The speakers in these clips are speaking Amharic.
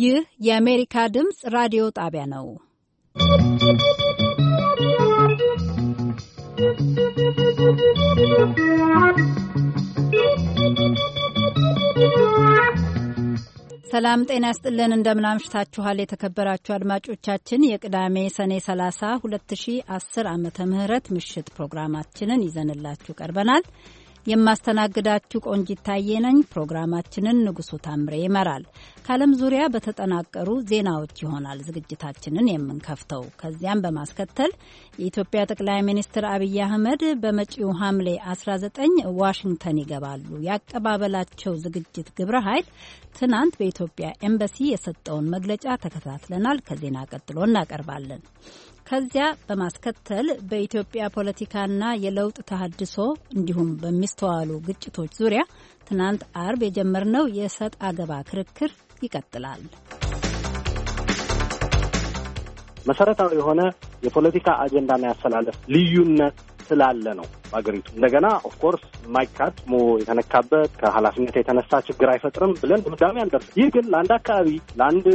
ይህ የአሜሪካ ድምፅ ራዲዮ ጣቢያ ነው። ሰላም ጤና ይስጥልን። እንደምናምሽታችኋል የተከበራችሁ አድማጮቻችን የቅዳሜ ሰኔ 30 2010 ዓ ም ምሽት ፕሮግራማችንን ይዘንላችሁ ቀርበናል። የማስተናግዳችሁ ቆንጂት ታዬ ነኝ። ፕሮግራማችንን ንጉሱ ታምሬ ይመራል። ከዓለም ዙሪያ በተጠናቀሩ ዜናዎች ይሆናል ዝግጅታችንን የምንከፍተው። ከዚያም በማስከተል የኢትዮጵያ ጠቅላይ ሚኒስትር አብይ አህመድ በመጪው ሐምሌ 19 ዋሽንግተን ይገባሉ። ያቀባበላቸው ዝግጅት ግብረ ኃይል ትናንት በኢትዮጵያ ኤምባሲ የሰጠውን መግለጫ ተከታትለናል። ከዜና ቀጥሎ እናቀርባለን። ከዚያ በማስከተል በኢትዮጵያ ፖለቲካና የለውጥ ተሃድሶ እንዲሁም በሚስተዋሉ ግጭቶች ዙሪያ ትናንት አርብ የጀመርነው የሰጥ አገባ ክርክር ይቀጥላል። መሰረታዊ የሆነ የፖለቲካ አጀንዳና ያሰላለፍ ልዩነት ስላለ ነው ሀገሪቱ እንደገና ኦፍኮርስ ማይካድ ሞ የተነካበት ከኃላፊነት የተነሳ ችግር አይፈጥርም ብለን ድምዳሜ አንደርስ። ይህ ግን ለአንድ አካባቢ፣ ለአንድ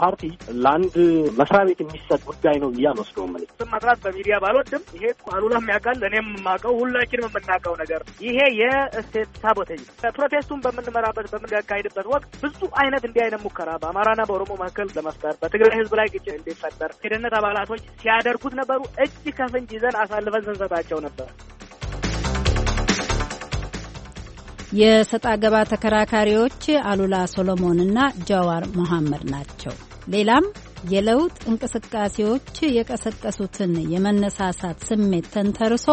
ፓርቲ፣ ለአንድ መስሪያ ቤት የሚሰጥ ጉዳይ ነው ብዬ አልወስደውም። እኔ ስም በሚዲያ ባልወድም ይሄ አሉላ ያውቃል፣ እኔም የማውቀው ሁላችንም የምናውቀው ነገር ይሄ የስቴት ሳቦቴጅ ፕሮቴስቱን በምንመራበት በምናካሄድበት ወቅት ብዙ አይነት እንዲህ አይነት ሙከራ በአማራና በኦሮሞ መካከል ለመፍጠር በትግራይ ህዝብ ላይ ግጭት እንዲፈጠር የደህንነት አባላቶች ሲያደርጉት ነበሩ። እጅ ከፍንጅ ይዘን አሳልፈን ስንሰጣቸው ነበር። የሰጣ ገባ ተከራካሪዎች አሉላ ሶሎሞንና ጃዋር መሐመድ ናቸው። ሌላም የለውጥ እንቅስቃሴዎች የቀሰቀሱትን የመነሳሳት ስሜት ተንተርሶ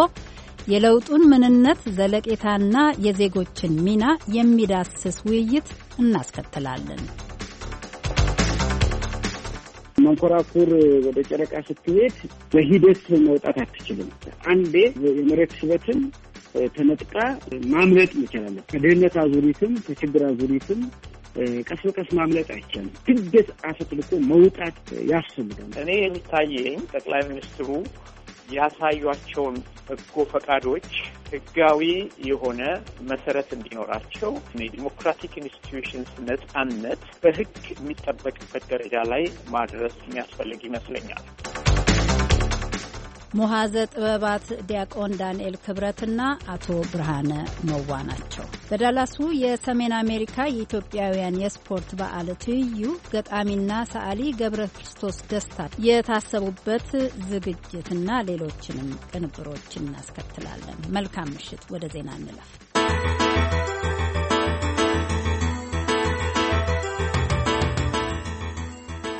የለውጡን ምንነት፣ ዘለቄታና የዜጎችን ሚና የሚዳስስ ውይይት እናስከትላለን። መንኮራኩር ወደ ጨረቃ ስትሄድ በሂደት መውጣት አትችልም። አንዴ የመሬት ስበትን ተነጥቃ ማምለጥ እንችላለን። ከድህነት አዙሪትም ከችግር አዙሪትም ቀስ በቀስ ማምለጥ አይቻልም። ክደት አፈጥልቆ መውጣት ያስፈልጋል። እኔ የሚታየኝ ጠቅላይ ሚኒስትሩ ያሳዩቸውን በጎ ፈቃዶች ህጋዊ የሆነ መሰረት እንዲኖራቸው የዲሞክራቲክ ኢንስቲትዩሽንስ ነጻነት በህግ የሚጠበቅበት ደረጃ ላይ ማድረስ የሚያስፈልግ ይመስለኛል። ሞሐዘ ጥበባት ዲያቆን ዳንኤል ክብረትና አቶ ብርሃነ መዋ ናቸው። በዳላሱ የሰሜን አሜሪካ የኢትዮጵያውያን የስፖርት በዓል ትይዩ ገጣሚና ሰዓሊ ገብረ ክርስቶስ ደስታ የታሰቡበት ዝግጅትና ሌሎችንም ቅንብሮች እናስከትላለን። መልካም ምሽት። ወደ ዜና እንለፍ።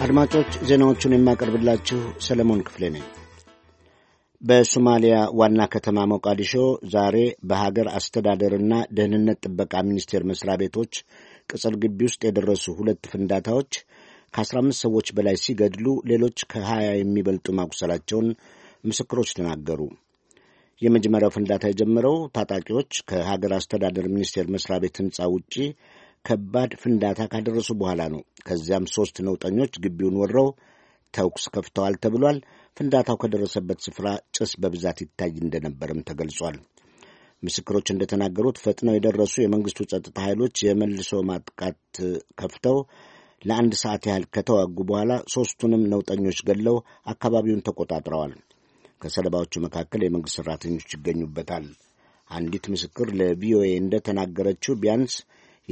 አድማጮች ዜናዎቹን የማቀርብላችሁ ሰለሞን ክፍሌ ነኝ። በሶማሊያ ዋና ከተማ ሞቃዲሾ ዛሬ በሀገር አስተዳደርና ደህንነት ጥበቃ ሚኒስቴር መስሪያ ቤቶች ቅጽር ግቢ ውስጥ የደረሱ ሁለት ፍንዳታዎች ከ15 ሰዎች በላይ ሲገድሉ ሌሎች ከ20 የሚበልጡ ማቁሰላቸውን ምስክሮች ተናገሩ። የመጀመሪያው ፍንዳታ የጀመረው ታጣቂዎች ከሀገር አስተዳደር ሚኒስቴር መስሪያ ቤት ሕንፃ ውጪ ከባድ ፍንዳታ ካደረሱ በኋላ ነው። ከዚያም ሦስት ነውጠኞች ግቢውን ወረው ተኩስ ከፍተዋል ተብሏል። ፍንዳታው ከደረሰበት ስፍራ ጭስ በብዛት ይታይ እንደነበርም ተገልጿል። ምስክሮች እንደተናገሩት ፈጥነው የደረሱ የመንግስቱ ጸጥታ ኃይሎች የመልሶ ማጥቃት ከፍተው ለአንድ ሰዓት ያህል ከተዋጉ በኋላ ሦስቱንም ነውጠኞች ገለው አካባቢውን ተቆጣጥረዋል። ከሰለባዎቹ መካከል የመንግሥት ሠራተኞች ይገኙበታል። አንዲት ምስክር ለቪኦኤ እንደተናገረችው ቢያንስ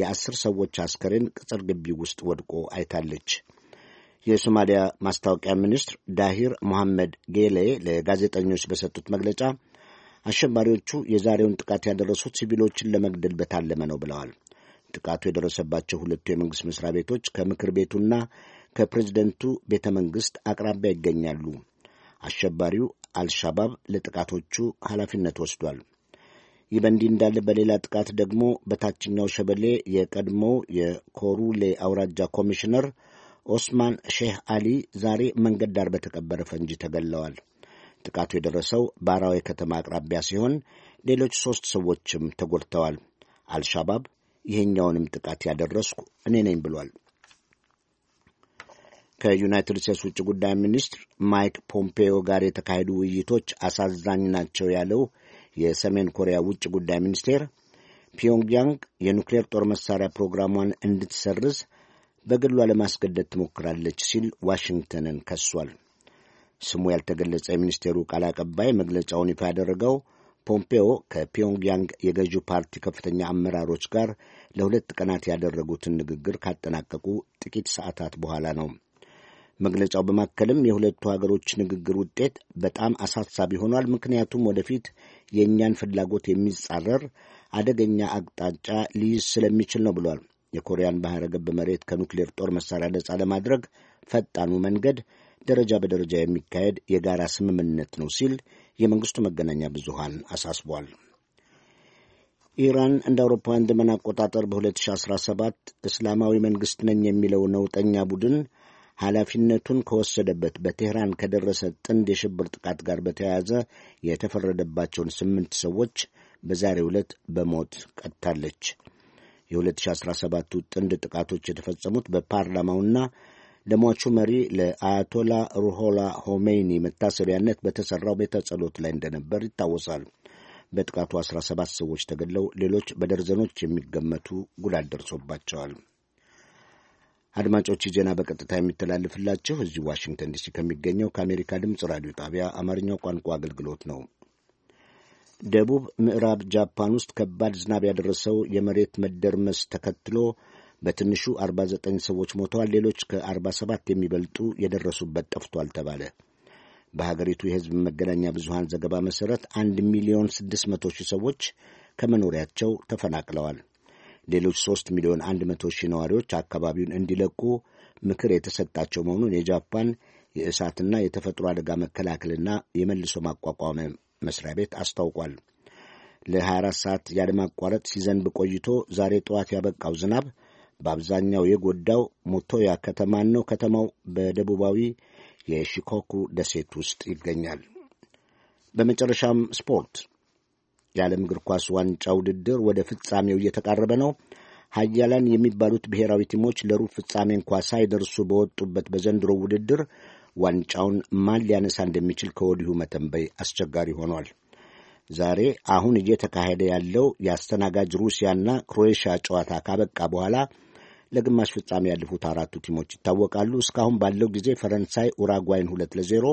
የአስር ሰዎች አስከሬን ቅጽር ግቢ ውስጥ ወድቆ አይታለች። የሶማሊያ ማስታወቂያ ሚኒስትር ዳሂር ሞሐመድ ጌሌ ለጋዜጠኞች በሰጡት መግለጫ አሸባሪዎቹ የዛሬውን ጥቃት ያደረሱት ሲቪሎችን ለመግደል በታለመ ነው ብለዋል። ጥቃቱ የደረሰባቸው ሁለቱ የመንግሥት መሥሪያ ቤቶች ከምክር ቤቱና ከፕሬዝደንቱ ቤተ መንግሥት አቅራቢያ ይገኛሉ። አሸባሪው አልሻባብ ለጥቃቶቹ ኃላፊነት ወስዷል። ይህ በእንዲህ እንዳለ በሌላ ጥቃት ደግሞ በታችኛው ሸበሌ የቀድሞው የኮሩሌ አውራጃ ኮሚሽነር ኦስማን ሼህ አሊ ዛሬ መንገድ ዳር በተቀበረ ፈንጂ ተገለዋል። ጥቃቱ የደረሰው ባራዊ ከተማ አቅራቢያ ሲሆን ሌሎች ሦስት ሰዎችም ተጎድተዋል። አልሻባብ ይህኛውንም ጥቃት ያደረስኩ እኔ ነኝ ብሏል። ከዩናይትድ ስቴትስ ውጭ ጉዳይ ሚኒስትር ማይክ ፖምፔዮ ጋር የተካሄዱ ውይይቶች አሳዛኝ ናቸው ያለው የሰሜን ኮሪያ ውጭ ጉዳይ ሚኒስቴር ፒዮንግያንግ የኑክሌር ጦር መሳሪያ ፕሮግራሟን እንድትሰርዝ በግሏ ለማስገደድ ትሞክራለች ሲል ዋሽንግተንን ከሷል። ስሙ ያልተገለጸ የሚኒስቴሩ ቃል አቀባይ መግለጫውን ይፋ ያደረገው ፖምፔዮ ከፒዮንግያንግ የገዢው ፓርቲ ከፍተኛ አመራሮች ጋር ለሁለት ቀናት ያደረጉትን ንግግር ካጠናቀቁ ጥቂት ሰዓታት በኋላ ነው። መግለጫው በማከልም የሁለቱ ሀገሮች ንግግር ውጤት በጣም አሳሳቢ ሆኗል፣ ምክንያቱም ወደፊት የእኛን ፍላጎት የሚጻረር አደገኛ አቅጣጫ ሊይዝ ስለሚችል ነው ብሏል። የኮሪያን ባህረ ገብ መሬት ከኑክሌር ጦር መሳሪያ ነጻ ለማድረግ ፈጣኑ መንገድ ደረጃ በደረጃ የሚካሄድ የጋራ ስምምነት ነው ሲል የመንግስቱ መገናኛ ብዙሃን አሳስቧል። ኢራን እንደ አውሮፓውያን ዘመን አቆጣጠር በ2017 እስላማዊ መንግሥት ነኝ የሚለው ነውጠኛ ቡድን ኃላፊነቱን ከወሰደበት በቴህራን ከደረሰ ጥንድ የሽብር ጥቃት ጋር በተያያዘ የተፈረደባቸውን ስምንት ሰዎች በዛሬ ዕለት በሞት ቀጥታለች። የ2017ቱ ጥንድ ጥቃቶች የተፈጸሙት በፓርላማውና ለሟቹ መሪ ለአያቶላ ሩሆላ ሆሜይኒ መታሰቢያነት በተሠራው ቤተ ጸሎት ላይ እንደነበር ይታወሳል። በጥቃቱ 17 ሰዎች ተገድለው ሌሎች በደርዘኖች የሚገመቱ ጉዳት ደርሶባቸዋል። አድማጮች ዜና በቀጥታ የሚተላለፍላችሁ እዚህ ዋሽንግተን ዲሲ ከሚገኘው ከአሜሪካ ድምፅ ራዲዮ ጣቢያ አማርኛው ቋንቋ አገልግሎት ነው። ደቡብ ምዕራብ ጃፓን ውስጥ ከባድ ዝናብ ያደረሰው የመሬት መደርመስ ተከትሎ በትንሹ 49 ሰዎች ሞተዋል። ሌሎች ከ47 የሚበልጡ የደረሱበት ጠፍቷል ተባለ። በሀገሪቱ የሕዝብ መገናኛ ብዙሃን ዘገባ መሠረት 1 ሚሊዮን 600 ሺህ ሰዎች ከመኖሪያቸው ተፈናቅለዋል። ሌሎች 3 ሚሊዮን 100 ሺህ ነዋሪዎች አካባቢውን እንዲለቁ ምክር የተሰጣቸው መሆኑን የጃፓን የእሳትና የተፈጥሮ አደጋ መከላከልና የመልሶ ማቋቋም መስሪያ ቤት አስታውቋል። ለ24 ሰዓት ያለማቋረጥ ሲዘንብ ቆይቶ ዛሬ ጠዋት ያበቃው ዝናብ በአብዛኛው የጎዳው ሞቶያ ከተማን ነው። ከተማው በደቡባዊ የሺኮኩ ደሴት ውስጥ ይገኛል። በመጨረሻም ስፖርት። የዓለም እግር ኳስ ዋንጫ ውድድር ወደ ፍጻሜው እየተቃረበ ነው። ሀያላን የሚባሉት ብሔራዊ ቲሞች ለሩብ ፍጻሜ እንኳ ሳይደርሱ በወጡበት በዘንድሮ ውድድር ዋንጫውን ማን ሊያነሳ እንደሚችል ከወዲሁ መተንበይ አስቸጋሪ ሆኗል። ዛሬ አሁን እየተካሄደ ያለው የአስተናጋጅ ሩሲያና ክሮኤሽያ ጨዋታ ካበቃ በኋላ ለግማሽ ፍጻሜ ያለፉት አራቱ ቲሞች ይታወቃሉ። እስካሁን ባለው ጊዜ ፈረንሳይ ኡራጓይን ሁለት ለዜሮ፣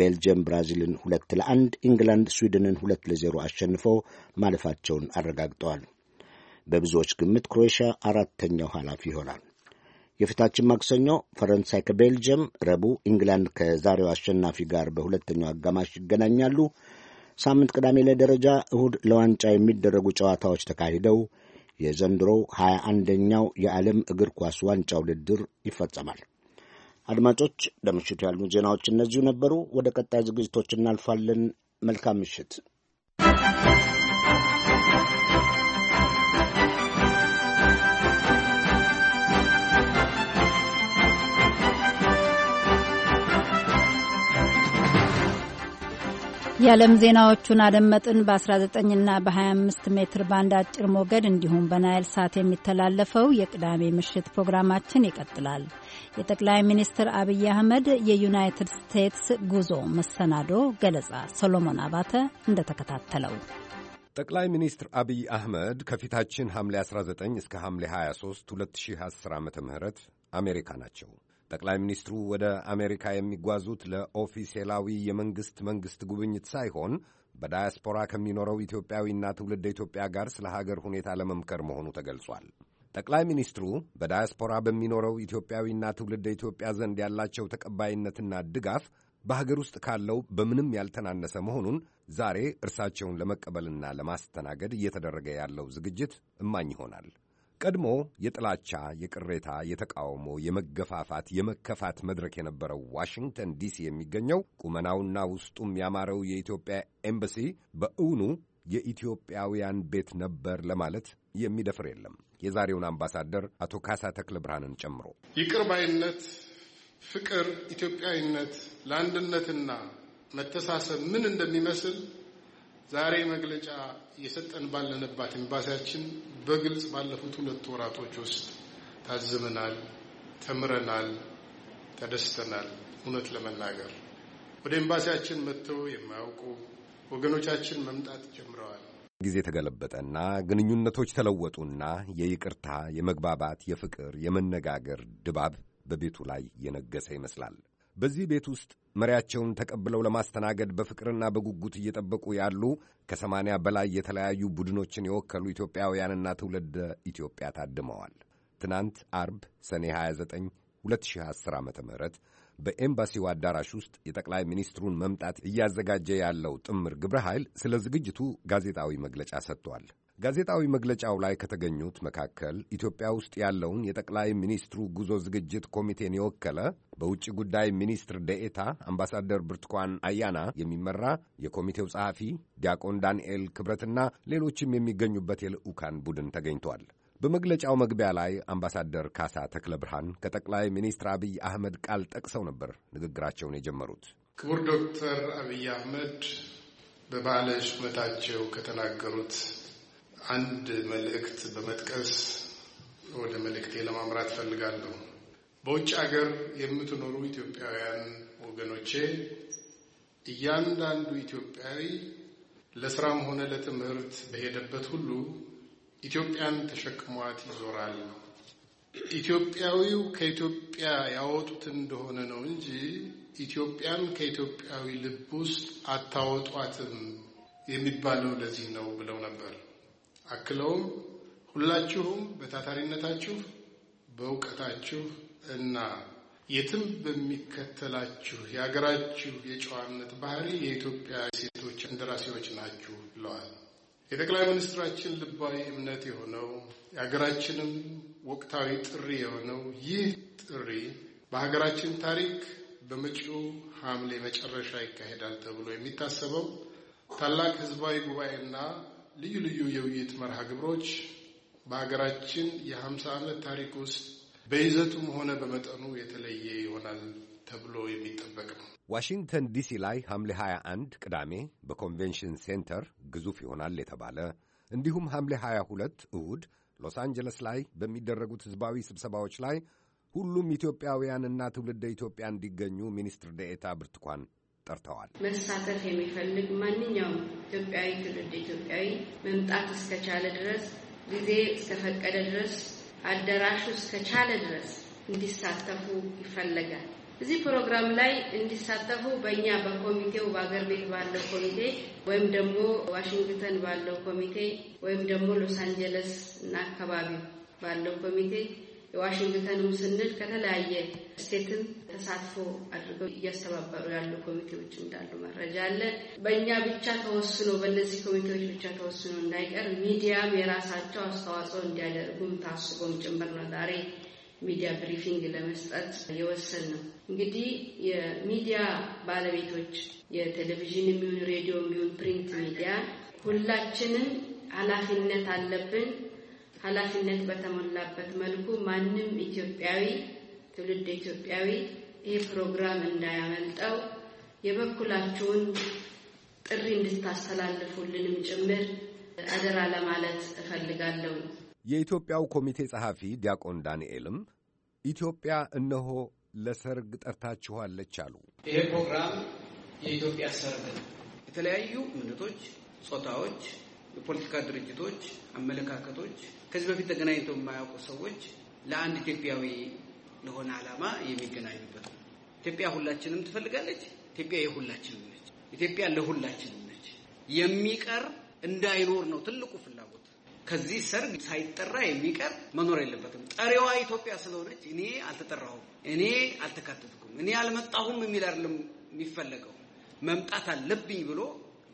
ቤልጅየም ብራዚልን ሁለት ለአንድ፣ ኢንግላንድ ስዊድንን ሁለት ለዜሮ አሸንፈው ማለፋቸውን አረጋግጠዋል። በብዙዎች ግምት ክሮኤሽያ አራተኛው ኃላፊ ይሆናል። የፊታችን ማክሰኞ ፈረንሳይ ከቤልጅየም፣ ረቡዕ ኢንግላንድ ከዛሬው አሸናፊ ጋር በሁለተኛው አጋማሽ ይገናኛሉ። ሳምንት ቅዳሜ ለደረጃ እሁድ ለዋንጫ የሚደረጉ ጨዋታዎች ተካሂደው የዘንድሮ ሀያ አንደኛው የዓለም እግር ኳስ ዋንጫ ውድድር ይፈጸማል። አድማጮች ለምሽቱ ያሉ ዜናዎች እነዚሁ ነበሩ። ወደ ቀጣይ ዝግጅቶች እናልፋለን። መልካም ምሽት። የዓለም ዜናዎቹን አደመጥን። በ19ና በ25 ሜትር ባንድ አጭር ሞገድ እንዲሁም በናይል ሳት የሚተላለፈው የቅዳሜ ምሽት ፕሮግራማችን ይቀጥላል። የጠቅላይ ሚኒስትር አብይ አህመድ የዩናይትድ ስቴትስ ጉዞ መሰናዶ ገለጻ ሰሎሞን አባተ እንደተከታተለው ጠቅላይ ሚኒስትር አብይ አህመድ ከፊታችን ሐምሌ 19 እስከ ሐምሌ 23 2010 ዓ ም አሜሪካ ናቸው። ጠቅላይ ሚኒስትሩ ወደ አሜሪካ የሚጓዙት ለኦፊሴላዊ የመንግሥት መንግሥት ጉብኝት ሳይሆን በዳያስፖራ ከሚኖረው ኢትዮጵያዊና ትውልደ ኢትዮጵያ ጋር ስለ ሀገር ሁኔታ ለመምከር መሆኑ ተገልጿል። ጠቅላይ ሚኒስትሩ በዳያስፖራ በሚኖረው ኢትዮጵያዊና ትውልደ ኢትዮጵያ ዘንድ ያላቸው ተቀባይነትና ድጋፍ በሀገር ውስጥ ካለው በምንም ያልተናነሰ መሆኑን ዛሬ እርሳቸውን ለመቀበልና ለማስተናገድ እየተደረገ ያለው ዝግጅት እማኝ ይሆናል። ቀድሞ የጥላቻ፣ የቅሬታ፣ የተቃውሞ፣ የመገፋፋት፣ የመከፋት መድረክ የነበረው ዋሽንግተን ዲሲ የሚገኘው ቁመናውና ውስጡም ያማረው የኢትዮጵያ ኤምባሲ በእውኑ የኢትዮጵያውያን ቤት ነበር ለማለት የሚደፍር የለም። የዛሬውን አምባሳደር አቶ ካሳ ተክለ ብርሃንን ጨምሮ ይቅርባይነት፣ ፍቅር፣ ኢትዮጵያዊነት ለአንድነትና መተሳሰብ ምን እንደሚመስል ዛሬ መግለጫ እየሰጠን ባለንባት ኤምባሲያችን በግልጽ ባለፉት ሁለት ወራቶች ውስጥ ታዝበናል፣ ተምረናል፣ ተደስተናል። እውነት ለመናገር ወደ ኤምባሲያችን መጥተው የማያውቁ ወገኖቻችን መምጣት ጀምረዋል። ጊዜ ተገለበጠና ግንኙነቶች ተለወጡና የይቅርታ፣ የመግባባት፣ የፍቅር፣ የመነጋገር ድባብ በቤቱ ላይ የነገሰ ይመስላል። በዚህ ቤት ውስጥ መሪያቸውን ተቀብለው ለማስተናገድ በፍቅርና በጉጉት እየጠበቁ ያሉ ከሰማንያ በላይ የተለያዩ ቡድኖችን የወከሉ ኢትዮጵያውያንና ትውልደ ኢትዮጵያ ታድመዋል። ትናንት አርብ ሰኔ 29 2010 ዓ ም በኤምባሲው አዳራሽ ውስጥ የጠቅላይ ሚኒስትሩን መምጣት እያዘጋጀ ያለው ጥምር ግብረ ኃይል ስለ ዝግጅቱ ጋዜጣዊ መግለጫ ሰጥቷል። ጋዜጣዊ መግለጫው ላይ ከተገኙት መካከል ኢትዮጵያ ውስጥ ያለውን የጠቅላይ ሚኒስትሩ ጉዞ ዝግጅት ኮሚቴን የወከለ በውጭ ጉዳይ ሚኒስትር ደኤታ አምባሳደር ብርቱካን አያና የሚመራ የኮሚቴው ጸሐፊ ዲያቆን ዳንኤል ክብረትና ሌሎችም የሚገኙበት የልዑካን ቡድን ተገኝቷል። በመግለጫው መግቢያ ላይ አምባሳደር ካሳ ተክለ ብርሃን ከጠቅላይ ሚኒስትር አብይ አህመድ ቃል ጠቅሰው ነበር ንግግራቸውን የጀመሩት። ክቡር ዶክተር አብይ አህመድ በባለ ሹመታቸው ከተናገሩት አንድ መልእክት በመጥቀስ ወደ መልእክቴ ለማምራት ፈልጋለሁ። በውጭ ሀገር የምትኖሩ ኢትዮጵያውያን ወገኖቼ እያንዳንዱ ኢትዮጵያዊ ለስራም ሆነ ለትምህርት በሄደበት ሁሉ ኢትዮጵያን ተሸክሟት ይዞራል። ኢትዮጵያዊው ከኢትዮጵያ ያወጡት እንደሆነ ነው እንጂ ኢትዮጵያን ከኢትዮጵያዊ ልብ ውስጥ አታወጧትም የሚባለው ለዚህ ነው ብለው ነበር። አክለውም ሁላችሁም በታታሪነታችሁ በእውቀታችሁ እና የትም በሚከተላችሁ የሀገራችሁ የጨዋነት ባህሪ የኢትዮጵያ ሴቶች እንደራሴዎች ናችሁ ብለዋል። የጠቅላይ ሚኒስትራችን ልባዊ እምነት የሆነው የሀገራችንም ወቅታዊ ጥሪ የሆነው ይህ ጥሪ በሀገራችን ታሪክ በመጪው ሐምሌ መጨረሻ ይካሄዳል ተብሎ የሚታሰበው ታላቅ ህዝባዊ ጉባኤና ልዩ ልዩ የውይይት መርሃ ግብሮች በሀገራችን የሀምሳ ዓመት ታሪክ ውስጥ በይዘቱም ሆነ በመጠኑ የተለየ ይሆናል ተብሎ የሚጠበቅ ነው። ዋሽንግተን ዲሲ ላይ ሐምሌ 21 ቅዳሜ በኮንቬንሽን ሴንተር ግዙፍ ይሆናል የተባለ እንዲሁም ሐምሌ 22 እሁድ ሎስ አንጀለስ ላይ በሚደረጉት ሕዝባዊ ስብሰባዎች ላይ ሁሉም ኢትዮጵያውያንና ትውልደ ኢትዮጵያ እንዲገኙ ሚኒስትር ደኤታ ብርቱካን ጠርተዋል። መሳተፍ የሚፈልግ ማንኛውም ኢትዮጵያዊ ትውልድ ኢትዮጵያዊ መምጣት እስከቻለ ድረስ ጊዜ እስከፈቀደ ድረስ አዳራሹ እስከቻለ ድረስ እንዲሳተፉ ይፈለጋል። እዚህ ፕሮግራም ላይ እንዲሳተፉ በእኛ በኮሚቴው በአገር ቤት ባለው ኮሚቴ ወይም ደግሞ ዋሽንግተን ባለው ኮሚቴ ወይም ደግሞ ሎስ አንጀለስ እና አካባቢው ባለው ኮሚቴ የዋሽንግተንም ስንል ከተለያየ ስቴትም ተሳትፎ አድርገው እያስተባበሩ ያሉ ኮሚቴዎች እንዳሉ መረጃ አለ። በእኛ ብቻ ተወስኖ በእነዚህ ኮሚቴዎች ብቻ ተወስኖ እንዳይቀር ሚዲያም የራሳቸው አስተዋጽኦ እንዲያደርጉም ታስቦም ጭምር ነው ዛሬ ሚዲያ ብሪፊንግ ለመስጠት የወሰን ነው። እንግዲህ የሚዲያ ባለቤቶች የቴሌቪዥን የሚሆን ሬዲዮ የሚሆን ፕሪንት ሚዲያ ሁላችንም ኃላፊነት አለብን። ኃላፊነት በተሞላበት መልኩ ማንም ኢትዮጵያዊ ትውልድ ኢትዮጵያዊ ይህ ፕሮግራም እንዳያመልጠው የበኩላችሁን ጥሪ እንድታስተላልፉልንም ጭምር አደራ ለማለት እፈልጋለሁ። የኢትዮጵያው ኮሚቴ ጸሐፊ ዲያቆን ዳንኤልም ኢትዮጵያ እነሆ ለሰርግ ጠርታችኋለች አሉ። ይሄ ፕሮግራም የኢትዮጵያ ሰርግ ነው። የተለያዩ እምነቶች፣ ጾታዎች፣ የፖለቲካ ድርጅቶች፣ አመለካከቶች ከዚህ በፊት ተገናኝተው የማያውቁ ሰዎች ለአንድ ኢትዮጵያዊ ለሆነ ዓላማ የሚገናኙበት ነው። ኢትዮጵያ ሁላችንም ትፈልጋለች። ኢትዮጵያ የሁላችንም ነች። ኢትዮጵያ ለሁላችንም ነች። የሚቀር እንዳይኖር ነው ትልቁ ፍላጎት። ከዚህ ሰርግ ሳይጠራ የሚቀር መኖር የለበትም። ጠሪዋ ኢትዮጵያ ስለሆነች እኔ አልተጠራሁም፣ እኔ አልተካተትኩም፣ እኔ አልመጣሁም የሚል አይደለም የሚፈለገው። መምጣት አለብኝ ብሎ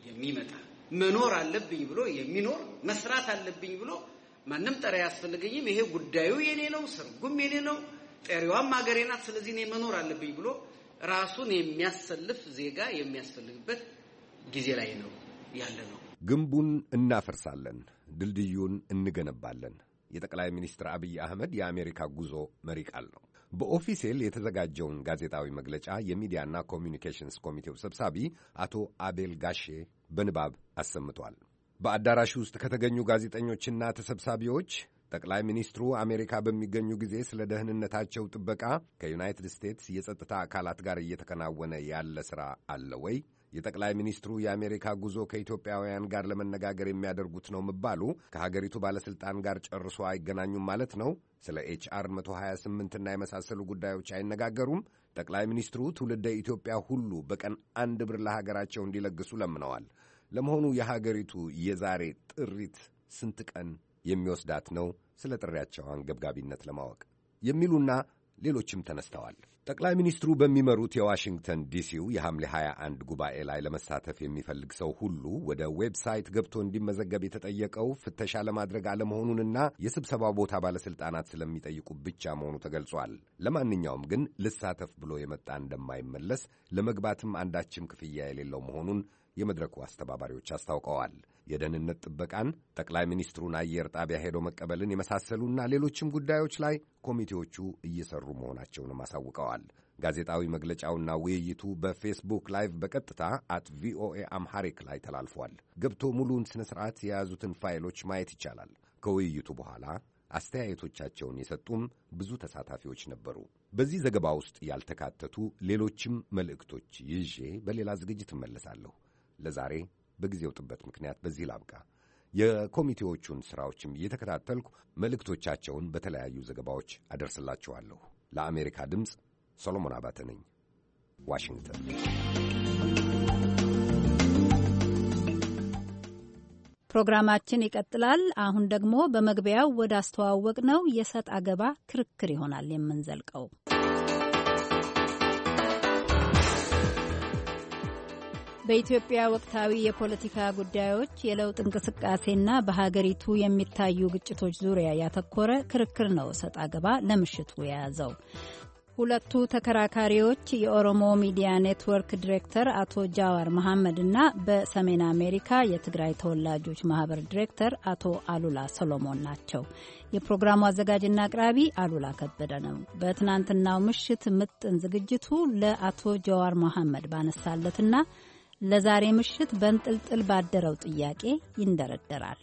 የሚመጣ መኖር አለብኝ ብሎ የሚኖር መስራት አለብኝ ብሎ ማንም ጠሪ አያስፈልገኝም። ይሄ ጉዳዩ የኔ ነው፣ ሰርጉም የኔ ነው፣ ጠሪዋም ሀገሬ ናት። ስለዚህ እኔ መኖር አለብኝ ብሎ ራሱን የሚያሰልፍ ዜጋ የሚያስፈልግበት ጊዜ ላይ ነው ያለ ነው። ግንቡን እናፈርሳለን፣ ድልድዩን እንገነባለን የጠቅላይ ሚኒስትር አብይ አህመድ የአሜሪካ ጉዞ መሪ ቃል ነው። በኦፊሴል የተዘጋጀውን ጋዜጣዊ መግለጫ የሚዲያና ኮሚኒኬሽንስ ኮሚቴው ሰብሳቢ አቶ አቤል ጋሼ በንባብ አሰምቷል። በአዳራሽ ውስጥ ከተገኙ ጋዜጠኞችና ተሰብሳቢዎች ጠቅላይ ሚኒስትሩ አሜሪካ በሚገኙ ጊዜ ስለ ደህንነታቸው ጥበቃ ከዩናይትድ ስቴትስ የጸጥታ አካላት ጋር እየተከናወነ ያለ ሥራ አለ ወይ? የጠቅላይ ሚኒስትሩ የአሜሪካ ጉዞ ከኢትዮጵያውያን ጋር ለመነጋገር የሚያደርጉት ነው መባሉ ከሀገሪቱ ባለሥልጣን ጋር ጨርሶ አይገናኙም ማለት ነው? ስለ ኤችአር 128ና የመሳሰሉ ጉዳዮች አይነጋገሩም? ጠቅላይ ሚኒስትሩ ትውልደ ኢትዮጵያ ሁሉ በቀን አንድ ብር ለሀገራቸው እንዲለግሱ ለምነዋል። ለመሆኑ የሀገሪቱ የዛሬ ጥሪት ስንት ቀን የሚወስዳት ነው? ስለ ጥሪያቸው አንገብጋቢነት ለማወቅ የሚሉና ሌሎችም ተነስተዋል። ጠቅላይ ሚኒስትሩ በሚመሩት የዋሽንግተን ዲሲው የሐምሌ 21 ጉባኤ ላይ ለመሳተፍ የሚፈልግ ሰው ሁሉ ወደ ዌብሳይት ገብቶ እንዲመዘገብ የተጠየቀው ፍተሻ ለማድረግ አለመሆኑንና የስብሰባ ቦታ ባለሥልጣናት ስለሚጠይቁ ብቻ መሆኑ ተገልጿል። ለማንኛውም ግን ልሳተፍ ብሎ የመጣ እንደማይመለስ ለመግባትም አንዳችም ክፍያ የሌለው መሆኑን የመድረኩ አስተባባሪዎች አስታውቀዋል። የደህንነት ጥበቃን፣ ጠቅላይ ሚኒስትሩን አየር ጣቢያ ሄዶ መቀበልን የመሳሰሉና ሌሎችም ጉዳዮች ላይ ኮሚቴዎቹ እየሰሩ መሆናቸውንም አሳውቀዋል። ጋዜጣዊ መግለጫውና ውይይቱ በፌስቡክ ላይቭ በቀጥታ አት ቪኦኤ አምሃሪክ ላይ ተላልፏል። ገብቶ ሙሉውን ስነ ስርዓት የያዙትን ፋይሎች ማየት ይቻላል። ከውይይቱ በኋላ አስተያየቶቻቸውን የሰጡም ብዙ ተሳታፊዎች ነበሩ። በዚህ ዘገባ ውስጥ ያልተካተቱ ሌሎችም መልእክቶች ይዤ በሌላ ዝግጅት እመለሳለሁ። ለዛሬ በጊዜው ጥበት ምክንያት በዚህ ላብቃ። የኮሚቴዎቹን ሥራዎችም እየተከታተልኩ መልእክቶቻቸውን በተለያዩ ዘገባዎች አደርስላችኋለሁ። ለአሜሪካ ድምፅ ሰሎሞን አባተ ነኝ፣ ዋሽንግተን። ፕሮግራማችን ይቀጥላል። አሁን ደግሞ በመግቢያው ወደ አስተዋወቅ ነው የሰጥ አገባ ክርክር ይሆናል የምንዘልቀው። በኢትዮጵያ ወቅታዊ የፖለቲካ ጉዳዮች የለውጥ እንቅስቃሴና በሀገሪቱ የሚታዩ ግጭቶች ዙሪያ ያተኮረ ክርክር ነው ሰጥ አገባ ለምሽቱ የያዘው። ሁለቱ ተከራካሪዎች የኦሮሞ ሚዲያ ኔትወርክ ዲሬክተር አቶ ጃዋር መሐመድ እና በሰሜን አሜሪካ የትግራይ ተወላጆች ማህበር ዲሬክተር አቶ አሉላ ሰሎሞን ናቸው። የፕሮግራሙ አዘጋጅና አቅራቢ አሉላ ከበደ ነው። በትናንትናው ምሽት ምጥን ዝግጅቱ ለአቶ ጃዋር መሐመድ ባነሳለትና ለዛሬ ምሽት በንጥልጥል ባደረው ጥያቄ ይንደረደራል።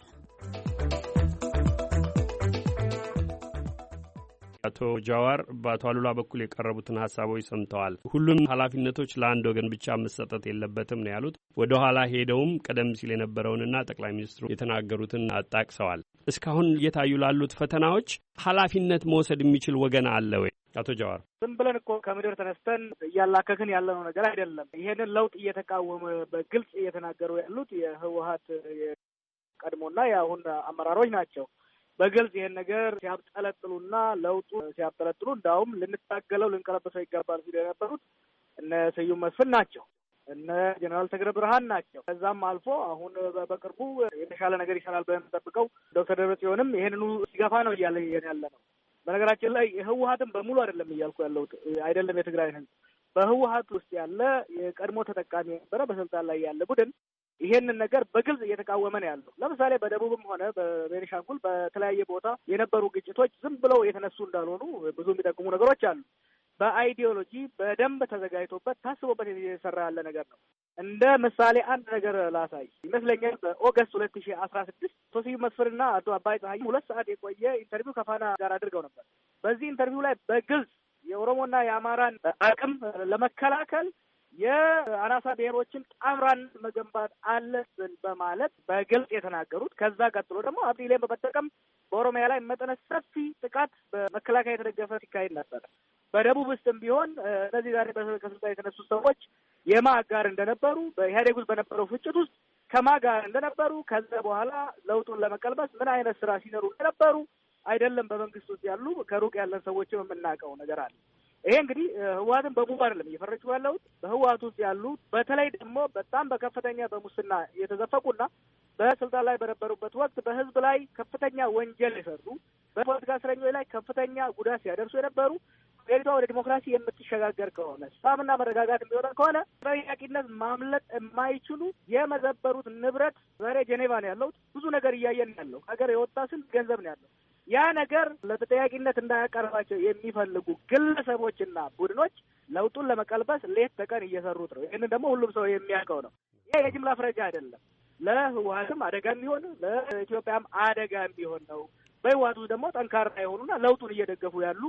አቶ ጃዋር በአቶ አሉላ በኩል የቀረቡትን ሀሳቦች ሰምተዋል። ሁሉም ኃላፊነቶች ለአንድ ወገን ብቻ መሰጠት የለበትም ነው ያሉት። ወደ ኋላ ሄደውም ቀደም ሲል የነበረውንና ጠቅላይ ሚኒስትሩ የተናገሩትን አጣቅሰዋል። እስካሁን እየታዩ ላሉት ፈተናዎች ኃላፊነት መውሰድ የሚችል ወገን አለ ወይ? አቶ ጀዋር ዝም ብለን እኮ ከምድር ተነስተን እያላከክን ያለነው ነገር አይደለም። ይሄንን ለውጥ እየተቃወመ በግልጽ እየተናገሩ ያሉት የህወሀት የቀድሞና የአሁን አመራሮች ናቸው። በግልጽ ይሄን ነገር ሲያብጠለጥሉና ለውጡ ሲያብጠለጥሉ እንዳውም ልንታገለው ልንቀለበሰው ይገባል ሲሉ የነበሩት እነ ስዩም መስፍን ናቸው። እነ ጀኔራል ተግረ ብርሃን ናቸው። ከዛም አልፎ አሁን በቅርቡ የተሻለ ነገር ይሰራል ብለን ጠብቀው ዶክተር ጽዮንም ይሄንኑ ሲገፋ ነው እያለ ያለ ነው። በነገራችን ላይ ህወሀትን በሙሉ አይደለም እያልኩ ያለሁት አይደለም የትግራይን ህዝብ በህወሀት ውስጥ ያለ የቀድሞ ተጠቃሚ የነበረ በስልጣን ላይ ያለ ቡድን ይሄንን ነገር በግልጽ እየተቃወመ ነው ያለው። ለምሳሌ በደቡብም ሆነ በቤኒሻንጉል በተለያየ ቦታ የነበሩ ግጭቶች ዝም ብለው የተነሱ እንዳልሆኑ ብዙ የሚጠቅሙ ነገሮች አሉ። በአይዲዮሎጂ በደንብ ተዘጋጅቶበት ታስቦበት የተሰራ ያለ ነገር ነው። እንደ ምሳሌ አንድ ነገር ላሳይ ይመስለኛል። በኦገስት ሁለት ሺህ አስራ ስድስት ቶስዩ መስፍንና አቶ አባይ ፀሐይ ሁለት ሰዓት የቆየ ኢንተርቪው ከፋና ጋር አድርገው ነበር። በዚህ ኢንተርቪው ላይ በግልጽ የኦሮሞና የአማራን አቅም ለመከላከል የአናሳ ብሔሮችን ጣምራን መገንባት አለብን በማለት በግልጽ የተናገሩት። ከዛ ቀጥሎ ደግሞ አብዲሌን በመጠቀም በኦሮሚያ ላይ መጠነ ሰፊ ጥቃት በመከላከያ የተደገፈ ሲካሄድ ነበረ። በደቡብ ውስጥም ቢሆን እነዚህ ዛሬ ከስልጣን የተነሱ ሰዎች የማ ጋር እንደነበሩ በኢህአዴግ ውስጥ በነበረው ፍጭት ውስጥ ከማ ጋር እንደነበሩ ከዛ በኋላ ለውጡን ለመቀልበስ ምን አይነት ስራ ሲነሩ እንደነበሩ አይደለም በመንግስት ውስጥ ያሉ ከሩቅ ያለን ሰዎችም የምናውቀው ነገር አለ። ይሄ እንግዲህ ህወሀትን በቡቡ አይደለም እየፈረችው ያለሁት በህወሀት ውስጥ ያሉ በተለይ ደግሞ በጣም በከፍተኛ በሙስና የተዘፈቁና በስልጣን ላይ በነበሩበት ወቅት በህዝብ ላይ ከፍተኛ ወንጀል የሰሩ በፖለቲካ እስረኞች ላይ ከፍተኛ ጉዳት ሲያደርሱ የነበሩ ሀገሪቷ ወደ ዲሞክራሲ የምትሸጋገር ከሆነ ሰላምና መረጋጋት የሚወጣ ከሆነ ተጠያቂነት ማምለጥ የማይችሉ የመዘበሩት ንብረት ዛሬ ጄኔቫ ነው ያለሁት። ብዙ ነገር እያየን ያለው ሀገር የወጣ ስንት ገንዘብ ነው ያለው ያ ነገር ለተጠያቂነት እንዳያቀርባቸው የሚፈልጉ ግለሰቦችና ቡድኖች ለውጡን ለመቀልበስ ሌት ተቀን እየሰሩት ነው። ይህንን ደግሞ ሁሉም ሰው የሚያውቀው ነው። ይሄ የጅምላ ፍረጃ አይደለም። ለህወሀትም አደጋ የሚሆን ለኢትዮጵያም አደጋ የሚሆን ነው። በህወሀት ውስጥ ደግሞ ጠንካራ የሆኑና ለውጡን እየደገፉ ያሉ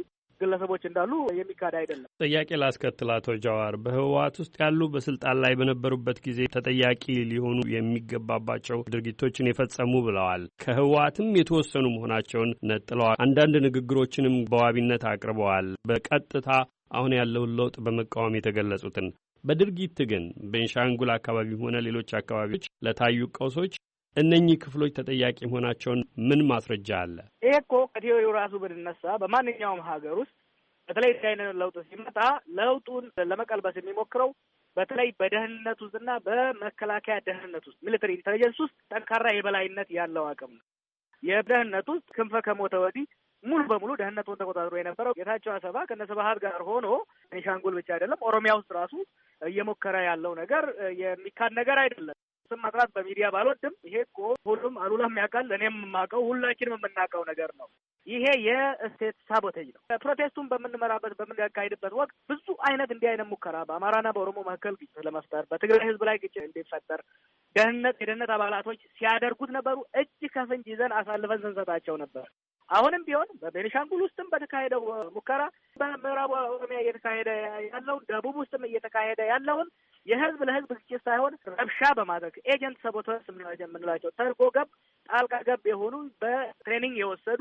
ግለሰቦች እንዳሉ የሚካድ አይደለም። ጥያቄ ላስከትል። አቶ ጃዋር በህወሀት ውስጥ ያሉ በስልጣን ላይ በነበሩበት ጊዜ ተጠያቂ ሊሆኑ የሚገባባቸው ድርጊቶችን የፈጸሙ ብለዋል። ከህወሀትም የተወሰኑ መሆናቸውን ነጥለዋል። አንዳንድ ንግግሮችንም በዋቢነት አቅርበዋል። በቀጥታ አሁን ያለውን ለውጥ በመቃወም የተገለጹትን በድርጊት ግን ቤንሻንጉል አካባቢ ሆነ ሌሎች አካባቢዎች ለታዩ ቀውሶች እነኚህ ክፍሎች ተጠያቂ መሆናቸውን ምን ማስረጃ አለ? ይሄ እኮ ከቴዎሪው ራሱ ብንነሳ በማንኛውም ሀገር ውስጥ በተለይ አይነት ለውጥ ሲመጣ ለውጡን ለመቀልበስ የሚሞክረው በተለይ በደህንነት ውስጥና በመከላከያ ደህንነት ውስጥ ሚሊተሪ ኢንቴሊጀንስ ውስጥ ጠንካራ የበላይነት ያለው አቅም ነው። የደህንነት ውስጥ ክንፈ ከሞተ ወዲህ ሙሉ በሙሉ ደህንነቱን ተቆጣጥሮ የነበረው ጌታቸው አሰፋ ከነስብሀት ጋር ሆኖ ቤኒሻንጉል ብቻ አይደለም ኦሮሚያ ውስጥ ራሱ እየሞከረ ያለው ነገር የሚካድ ነገር አይደለም። ስም ማጥራት በሚዲያ ባልወድም ይሄ እኮ ሁሉም አሉላም ያውቃል፣ እኔም የማውቀው ሁላችንም የምናውቀው ነገር ነው። ይሄ የስቴት ሳቦቴጅ ነው። ፕሮቴስቱን በምንመራበት በምናካሄድበት ወቅት ብዙ አይነት እንዲህ አይነት ሙከራ በአማራና በኦሮሞ መካከል ግጭት ለመፍጠር በትግራይ ህዝብ ላይ ግጭት እንዲፈጠር ደህንነት የደህንነት አባላቶች ሲያደርጉት ነበሩ። እጅ ከፍንጅ ይዘን አሳልፈን ስንሰጣቸው ነበር። አሁንም ቢሆን በቤኒሻንጉል ውስጥም በተካሄደው ሙከራ በምዕራብ ኦሮሚያ እየተካሄደ ያለውን ደቡብ ውስጥም እየተካሄደ ያለውን የህዝብ ለህዝብ ግጭት ሳይሆን ረብሻ በማድረግ ኤጀንት ሰቦተርስ የምንላቸው ሰርጎ ገብ ጣልቃ ገብ የሆኑ በትሬኒንግ የወሰዱ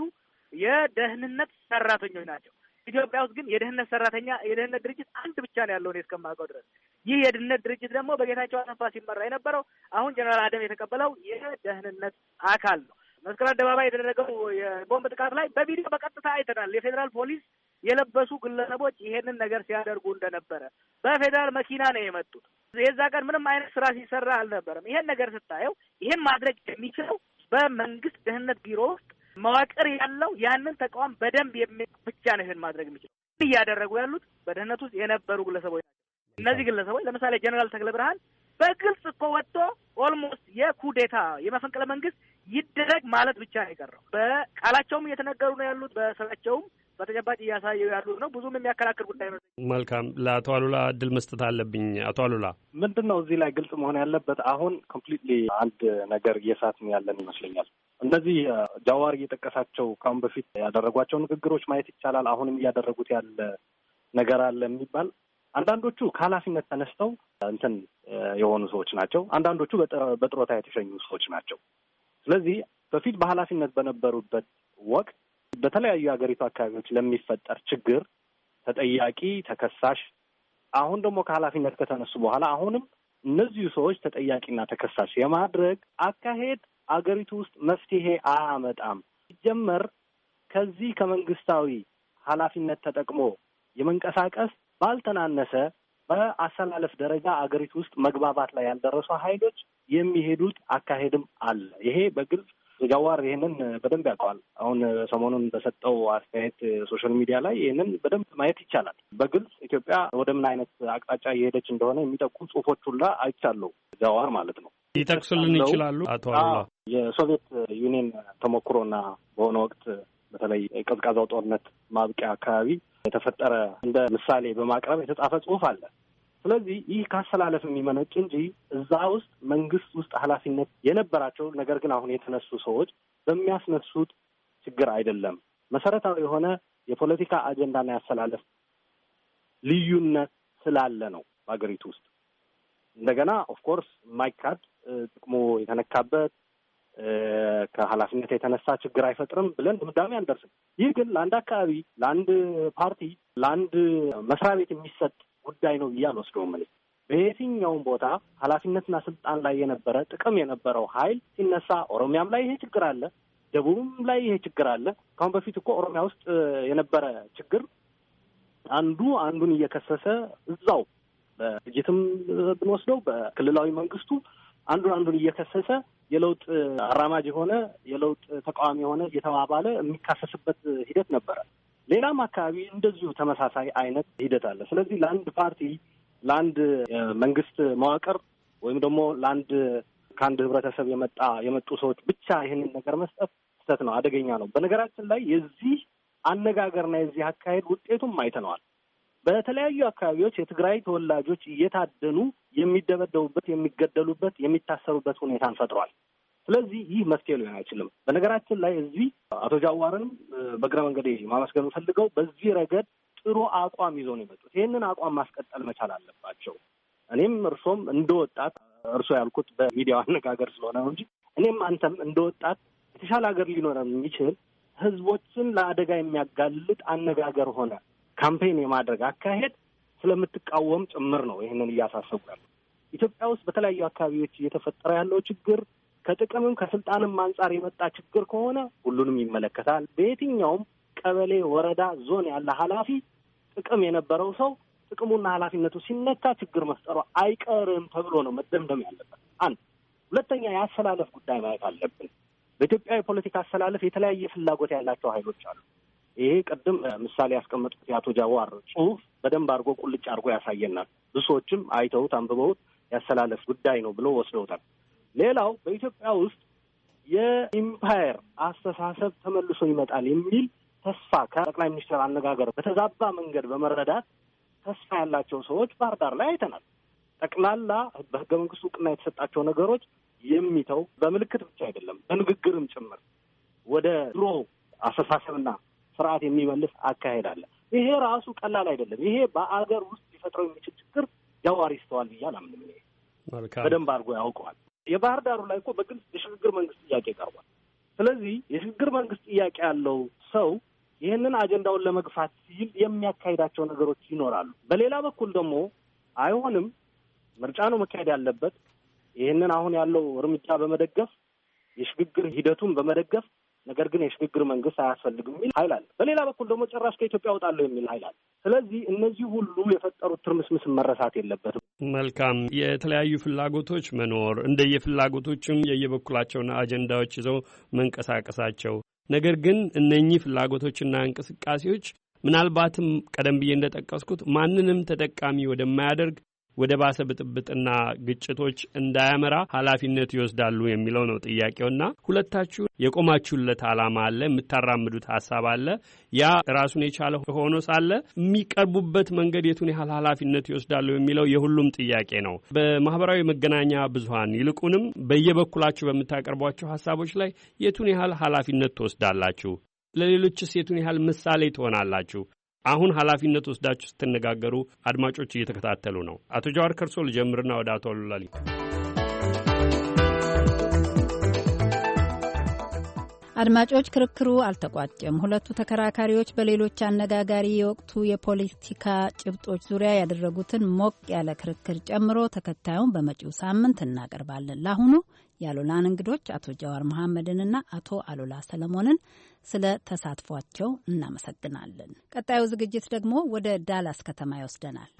የደህንነት ሰራተኞች ናቸው። ኢትዮጵያ ውስጥ ግን የደህንነት ሰራተኛ የደህንነት ድርጅት አንድ ብቻ ነው ያለውን እስከማውቀው ድረስ ይህ የደህንነት ድርጅት ደግሞ በጌታቸው አሰፋ ሲመራ የነበረው አሁን ጀነራል አደም የተቀበለው የደህንነት አካል ነው። መስቀል አደባባይ የተደረገው የቦምብ ጥቃት ላይ በቪዲዮ በቀጥታ አይተናል። የፌዴራል ፖሊስ የለበሱ ግለሰቦች ይሄንን ነገር ሲያደርጉ እንደነበረ በፌዴራል መኪና ነው የመጡት። የዛ ቀን ምንም አይነት ስራ ሲሰራ አልነበረም። ይሄን ነገር ስታየው ይሄን ማድረግ የሚችለው በመንግስት ደህንነት ቢሮ ውስጥ መዋቅር ያለው ያንን ተቃዋም በደንብ ብቻ ነው ይህን ማድረግ የሚችለው። እያደረጉ ያሉት በደህንነት ውስጥ የነበሩ ግለሰቦች ናቸው። እነዚህ ግለሰቦች ለምሳሌ ጀኔራል ተክለ ብርሃን በግልጽ እኮ ወጥቶ ኦልሞስት የኩዴታ የመፈንቅለ መንግስት ይደረግ ማለት ብቻ ነው የቀረው። በቃላቸውም እየተነገሩ ነው ያሉት፣ በስራቸውም በተጨባጭ እያሳየው ያሉት ነው። ብዙም የሚያከራክር ጉዳይ ነው። መልካም፣ ለአቶ አሉላ እድል መስጠት አለብኝ። አቶ አሉላ፣ ምንድን ነው እዚህ ላይ ግልጽ መሆን ያለበት? አሁን ኮምፕሊትሊ አንድ ነገር እየሳትን ያለን ይመስለኛል። እነዚህ ጃዋር እየጠቀሳቸው ከአሁን በፊት ያደረጓቸው ንግግሮች ማየት ይቻላል። አሁንም እያደረጉት ያለ ነገር አለ የሚባል አንዳንዶቹ ከኃላፊነት ተነስተው እንትን የሆኑ ሰዎች ናቸው። አንዳንዶቹ በጥሮታ የተሸኙ ሰዎች ናቸው። ስለዚህ በፊት በኃላፊነት በነበሩበት ወቅት በተለያዩ የሀገሪቱ አካባቢዎች ለሚፈጠር ችግር ተጠያቂ ተከሳሽ፣ አሁን ደግሞ ከኃላፊነት ከተነሱ በኋላ አሁንም እነዚሁ ሰዎች ተጠያቂና ተከሳሽ የማድረግ አካሄድ አገሪቱ ውስጥ መፍትሄ አያመጣም። ሲጀመር ከዚህ ከመንግስታዊ ኃላፊነት ተጠቅሞ የመንቀሳቀስ ባልተናነሰ በአሰላለፍ ደረጃ አገሪቱ ውስጥ መግባባት ላይ ያልደረሱ ኃይሎች የሚሄዱት አካሄድም አለ። ይሄ በግልጽ ጃዋር ይህንን በደንብ ያውቀዋል። አሁን ሰሞኑን በሰጠው አስተያየት ሶሻል ሚዲያ ላይ ይህንን በደንብ ማየት ይቻላል። በግልጽ ኢትዮጵያ ወደ ምን አይነት አቅጣጫ እየሄደች እንደሆነ የሚጠቁም ጽሁፎች ሁላ አይቻለሁ። ጃዋር ማለት ነው። ይጠቅሱልን ይችላሉ አቶ የሶቪየት ዩኒየን ተሞክሮና በሆነ ወቅት በተለይ የቀዝቃዛው ጦርነት ማብቂያ አካባቢ የተፈጠረ እንደ ምሳሌ በማቅረብ የተጻፈ ጽሁፍ አለ። ስለዚህ ይህ ካሰላለፍ የሚመነጭ እንጂ እዛ ውስጥ መንግስት ውስጥ ኃላፊነት የነበራቸው ነገር ግን አሁን የተነሱ ሰዎች በሚያስነሱት ችግር አይደለም። መሰረታዊ የሆነ የፖለቲካ አጀንዳና ያሰላለፍ ልዩነት ስላለ ነው በሀገሪቱ ውስጥ እንደገና ኦፍኮርስ ማይካድ ጥቅሙ የተነካበት ከኃላፊነት የተነሳ ችግር አይፈጥርም ብለን ድምዳሜ አንደርስም። ይህ ግን ለአንድ አካባቢ፣ ለአንድ ፓርቲ፣ ለአንድ መስሪያ ቤት የሚሰጥ ጉዳይ ነው ብዬ አልወስደውም። እኔ በየትኛውም ቦታ ኃላፊነትና ስልጣን ላይ የነበረ ጥቅም የነበረው ኃይል ሲነሳ ኦሮሚያም ላይ ይሄ ችግር አለ፣ ደቡብም ላይ ይሄ ችግር አለ። ካሁን በፊት እኮ ኦሮሚያ ውስጥ የነበረ ችግር አንዱ አንዱን እየከሰሰ እዛው በድርጅትም ብንወስደው በክልላዊ መንግስቱ አንዱን አንዱን እየከሰሰ የለውጥ አራማጅ የሆነ የለውጥ ተቃዋሚ የሆነ እየተባባለ የሚካሰስበት ሂደት ነበረ። ሌላም አካባቢ እንደዚሁ ተመሳሳይ አይነት ሂደት አለ። ስለዚህ ለአንድ ፓርቲ ለአንድ መንግስት መዋቅር ወይም ደግሞ ለአንድ ከአንድ ህብረተሰብ የመጣ የመጡ ሰዎች ብቻ ይህንን ነገር መስጠት ስህተት ነው፣ አደገኛ ነው። በነገራችን ላይ የዚህ አነጋገርና የዚህ አካሄድ ውጤቱም አይተነዋል። በተለያዩ አካባቢዎች የትግራይ ተወላጆች እየታደኑ የሚደበደቡበት፣ የሚገደሉበት፣ የሚታሰሩበት ሁኔታን ፈጥሯል። ስለዚህ ይህ መፍትሄ ሊሆን አይችልም። በነገራችን ላይ እዚህ አቶ ጃዋርን በእግረ መንገድ ማመስገን ፈልገው በዚህ ረገድ ጥሩ አቋም ይዘው ነው የመጡት። ይህንን አቋም ማስቀጠል መቻል አለባቸው። እኔም እርሶም እንደ ወጣት እርሶ ያልኩት በሚዲያው አነጋገር ስለሆነ ነው እንጂ እኔም አንተም እንደ ወጣት የተሻለ ሀገር ሊኖረ የሚችል ህዝቦችን ለአደጋ የሚያጋልጥ አነጋገር ሆነ ካምፔን የማድረግ አካሄድ ስለምትቃወም ጭምር ነው። ይህንን እያሳሰቡ ያለው ኢትዮጵያ ውስጥ በተለያዩ አካባቢዎች እየተፈጠረ ያለው ችግር ከጥቅምም ከስልጣንም አንጻር የመጣ ችግር ከሆነ ሁሉንም ይመለከታል። በየትኛውም ቀበሌ፣ ወረዳ፣ ዞን ያለ ኃላፊ ጥቅም የነበረው ሰው ጥቅሙና ኃላፊነቱ ሲነካ ችግር መፍጠሩ አይቀርም ተብሎ ነው መደምደም ያለበት። አንድ ሁለተኛ የአሰላለፍ ጉዳይ ማየት አለብን። በኢትዮጵያ የፖለቲካ አሰላለፍ የተለያየ ፍላጎት ያላቸው ኃይሎች አሉ። ይሄ ቅድም ምሳሌ ያስቀመጡት የአቶ ጃዋር ጽሁፍ በደንብ አድርጎ ቁልጭ አድርጎ ያሳየናል። ብሶችም አይተውት አንብበውት ያሰላለፍ ጉዳይ ነው ብለው ወስደውታል። ሌላው በኢትዮጵያ ውስጥ የኢምፓየር አስተሳሰብ ተመልሶ ይመጣል የሚል ተስፋ ከጠቅላይ ሚኒስትር አነጋገር በተዛባ መንገድ በመረዳት ተስፋ ያላቸው ሰዎች ባህር ዳር ላይ አይተናል። ጠቅላላ በህገ መንግስቱ እውቅና የተሰጣቸው ነገሮች የሚተው በምልክት ብቻ አይደለም፣ በንግግርም ጭምር ወደ ድሮ አስተሳሰብና ስርዓት የሚመልስ አካሄድ አለ። ይሄ ራሱ ቀላል አይደለም። ይሄ በአገር ውስጥ ሊፈጥረው የሚችል ችግር ጃዋር ይስተዋል ብዬ አላምንም። በደንብ አድርጎ ያውቀዋል። የባህር ዳሩ ላይ እኮ በግልጽ የሽግግር መንግስት ጥያቄ ቀርቧል። ስለዚህ የሽግግር መንግስት ጥያቄ ያለው ሰው ይህንን አጀንዳውን ለመግፋት ሲል የሚያካሂዳቸው ነገሮች ይኖራሉ። በሌላ በኩል ደግሞ አይሆንም፣ ምርጫ ነው መካሄድ ያለበት፣ ይህንን አሁን ያለው እርምጃ በመደገፍ የሽግግር ሂደቱን በመደገፍ ነገር ግን የሽግግር መንግስት አያስፈልግም የሚል ሀይል አለ። በሌላ በኩል ደግሞ ጭራሽ ከኢትዮጵያ እወጣለሁ የሚል ሀይል አለ። ስለዚህ እነዚህ ሁሉ የፈጠሩት ትርምስምስ መረሳት የለበትም። መልካም የተለያዩ ፍላጎቶች መኖር እንደየፍላጎቶችም የየበኩላቸውን አጀንዳዎች ይዘው መንቀሳቀሳቸው ነገር ግን እነኚህ ፍላጎቶችና እንቅስቃሴዎች ምናልባትም ቀደም ብዬ እንደጠቀስኩት ማንንም ተጠቃሚ ወደማያደርግ ወደ ባሰ ብጥብጥና ግጭቶች እንዳያመራ ኃላፊነት ይወስዳሉ የሚለው ነው ጥያቄውና ሁለታችሁ የቆማችሁለት ዓላማ አለ፣ የምታራምዱት ሀሳብ አለ። ያ ራሱን የቻለ ሆኖ ሳለ የሚቀርቡበት መንገድ የቱን ያህል ኃላፊነት ይወስዳሉ የሚለው የሁሉም ጥያቄ ነው። በማህበራዊ መገናኛ ብዙሀን ይልቁንም በየበኩላችሁ በምታቀርቧቸው ሀሳቦች ላይ የቱን ያህል ኃላፊነት ትወስዳላችሁ? ለሌሎችስ የቱን ያህል ምሳሌ ትሆናላችሁ? አሁን ኃላፊነት ወስዳችሁ ስትነጋገሩ አድማጮች እየተከታተሉ ነው። አቶ ጀዋር ከርሶ ልጀምርና ወደ አቶ አሉላ አድማጮች፣ ክርክሩ አልተቋጨም። ሁለቱ ተከራካሪዎች በሌሎች አነጋጋሪ የወቅቱ የፖለቲካ ጭብጦች ዙሪያ ያደረጉትን ሞቅ ያለ ክርክር ጨምሮ ተከታዩን በመጪው ሳምንት እናቀርባለን። ለአሁኑ የአሉላን እንግዶች አቶ ጀዋር መሐመድንና አቶ አሉላ ሰለሞንን ስለ ተሳትፏቸው እናመሰግናለን። ቀጣዩ ዝግጅት ደግሞ ወደ ዳላስ ከተማ ይወስደናል።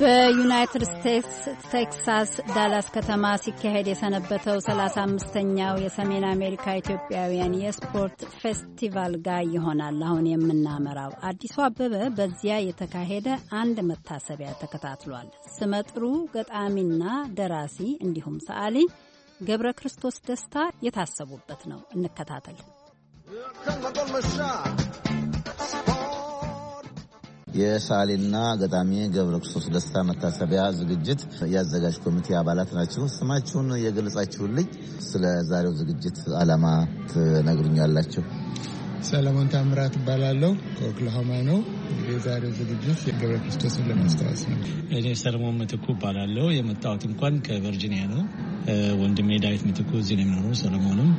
በዩናይትድ ስቴትስ ቴክሳስ ዳላስ ከተማ ሲካሄድ የሰነበተው 35ኛው የሰሜን አሜሪካ ኢትዮጵያውያን የስፖርት ፌስቲቫል ጋር ይሆናል አሁን የምናመራው። አዲሱ አበበ በዚያ የተካሄደ አንድ መታሰቢያ ተከታትሏል። ስመጥሩ ገጣሚና ደራሲ እንዲሁም ሰዓሊ ገብረ ክርስቶስ ደስታ የታሰቡበት ነው። እንከታተል። የሰዓሊና ገጣሚ ገብረ ክርስቶስ ደስታ መታሰቢያ ዝግጅት የአዘጋጅ ኮሚቴ አባላት ናቸው። ስማችሁን የገለጻችሁልኝ ስለ ዛሬው ዝግጅት አላማ ትነግሩኛላችሁ? ሰለሞን ታምራት እባላለሁ። ከኦክላሆማ ነው። የዛሬው ዝግጅት የገብረ ክርስቶስን ለማስታወስ ነው። እኔ ሰለሞን ምትኩ እባላለሁ። የመጣሁት እንኳን ከቨርጂኒያ ነው። ወንድሜ ዳዊት ምትኩ እዚህ ነው የሚኖረው። ሰለሞንም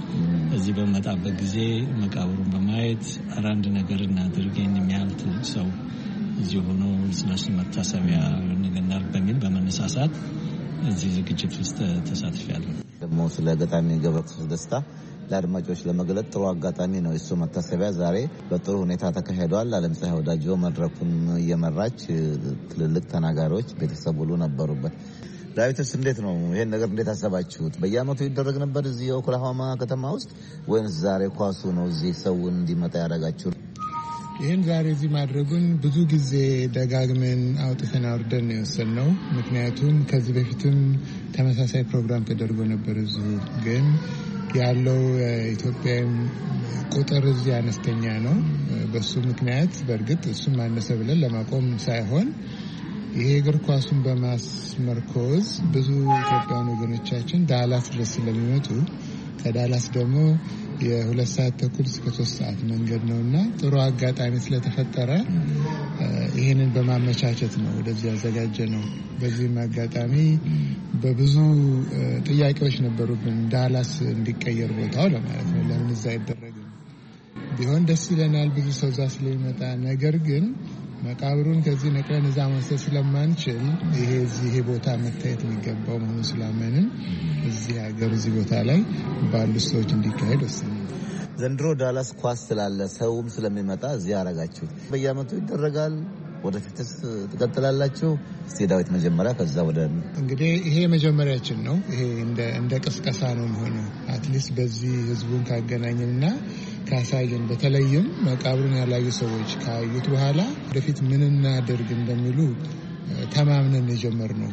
እዚህ በመጣበት ጊዜ መቃብሩን በማየት አንድ ነገር እናድርግ የሚያልት ሰው እዚሁ ሆኖ ስለሱ መታሰቢያ ይሆንልናል በሚል በመነሳሳት እዚህ ዝግጅት ውስጥ ተሳትፌያለሁ። ደግሞ ስለ ገጣሚ ገብረክርስቶስ ደስታ ለአድማጮች ለመግለጥ ጥሩ አጋጣሚ ነው። እሱ መታሰቢያ ዛሬ በጥሩ ሁኔታ ተካሂዷል። አለም ፀሐይ ወዳጆ መድረኩን እየመራች ትልልቅ ተናጋሪዎች ቤተሰብ ሁሉ ነበሩበት። ዳዊትስ እንዴት ነው ይሄን ነገር እንዴት አሰባችሁት? በየአመቱ ይደረግ ነበር እዚህ የኦክላሆማ ከተማ ውስጥ ወይንስ ዛሬ ኳሱ ነው እዚህ ሰውን እንዲመጣ ያደረጋችሁ? ይህን ዛሬ እዚህ ማድረጉን ብዙ ጊዜ ደጋግመን አውጥተን አውርደን ነው ምክንያቱም ከዚህ በፊትም ተመሳሳይ ፕሮግራም ተደርጎ ነበር። እዚሁ ግን ያለው ኢትዮጵያ ቁጥር እዚህ አነስተኛ ነው። በሱ ምክንያት በእርግጥ እሱም አነሰ ብለን ለማቆም ሳይሆን ይሄ እግር ኳሱን በማስመርኮዝ ብዙ ኢትዮጵያውያን ወገኖቻችን ዳላስ ድረስ ስለሚመጡ ከዳላስ ደግሞ የሁለት ሰዓት ተኩል እስከ ሶስት ሰዓት መንገድ ነው እና ጥሩ አጋጣሚ ስለተፈጠረ ይህንን በማመቻቸት ነው ወደዚህ ያዘጋጀ ነው። በዚህም አጋጣሚ በብዙ ጥያቄዎች ነበሩብን። ዳላስ እንዲቀየር ቦታው ለማለት ነው። ለምን እዛ አይደረግም? ቢሆን ደስ ይለናል፣ ብዙ ሰው እዛ ስለሚመጣ ነገር ግን መቃብሩን ከዚህ ነቅለን እዛ ማንሳት ስለማንችል ይሄ እዚህ ቦታ መታየት የሚገባው መሆኑ ስላመንን እዚህ ሀገር እዚህ ቦታ ላይ ባሉ ሰዎች እንዲካሄድ ወሰነ። ዘንድሮ ዳላስ ኳስ ስላለ ሰውም ስለሚመጣ እዚህ አረጋችሁ። በየአመቱ ይደረጋል። ወደፊትስ ትቀጥላላችሁ? እስቲ ዳዊት መጀመሪያ፣ ከዛ ወደ እንግዲህ ይሄ መጀመሪያችን ነው። ይሄ እንደ ቅስቀሳ ነው የሚሆነው። አትሊስት በዚህ ህዝቡን ካገናኘን ካሳየን በተለይም መቃብሩን ያላዩ ሰዎች ካዩት በኋላ ወደፊት ምን እናደርግ እንደሚሉ ተማምነን የጀመር ነው።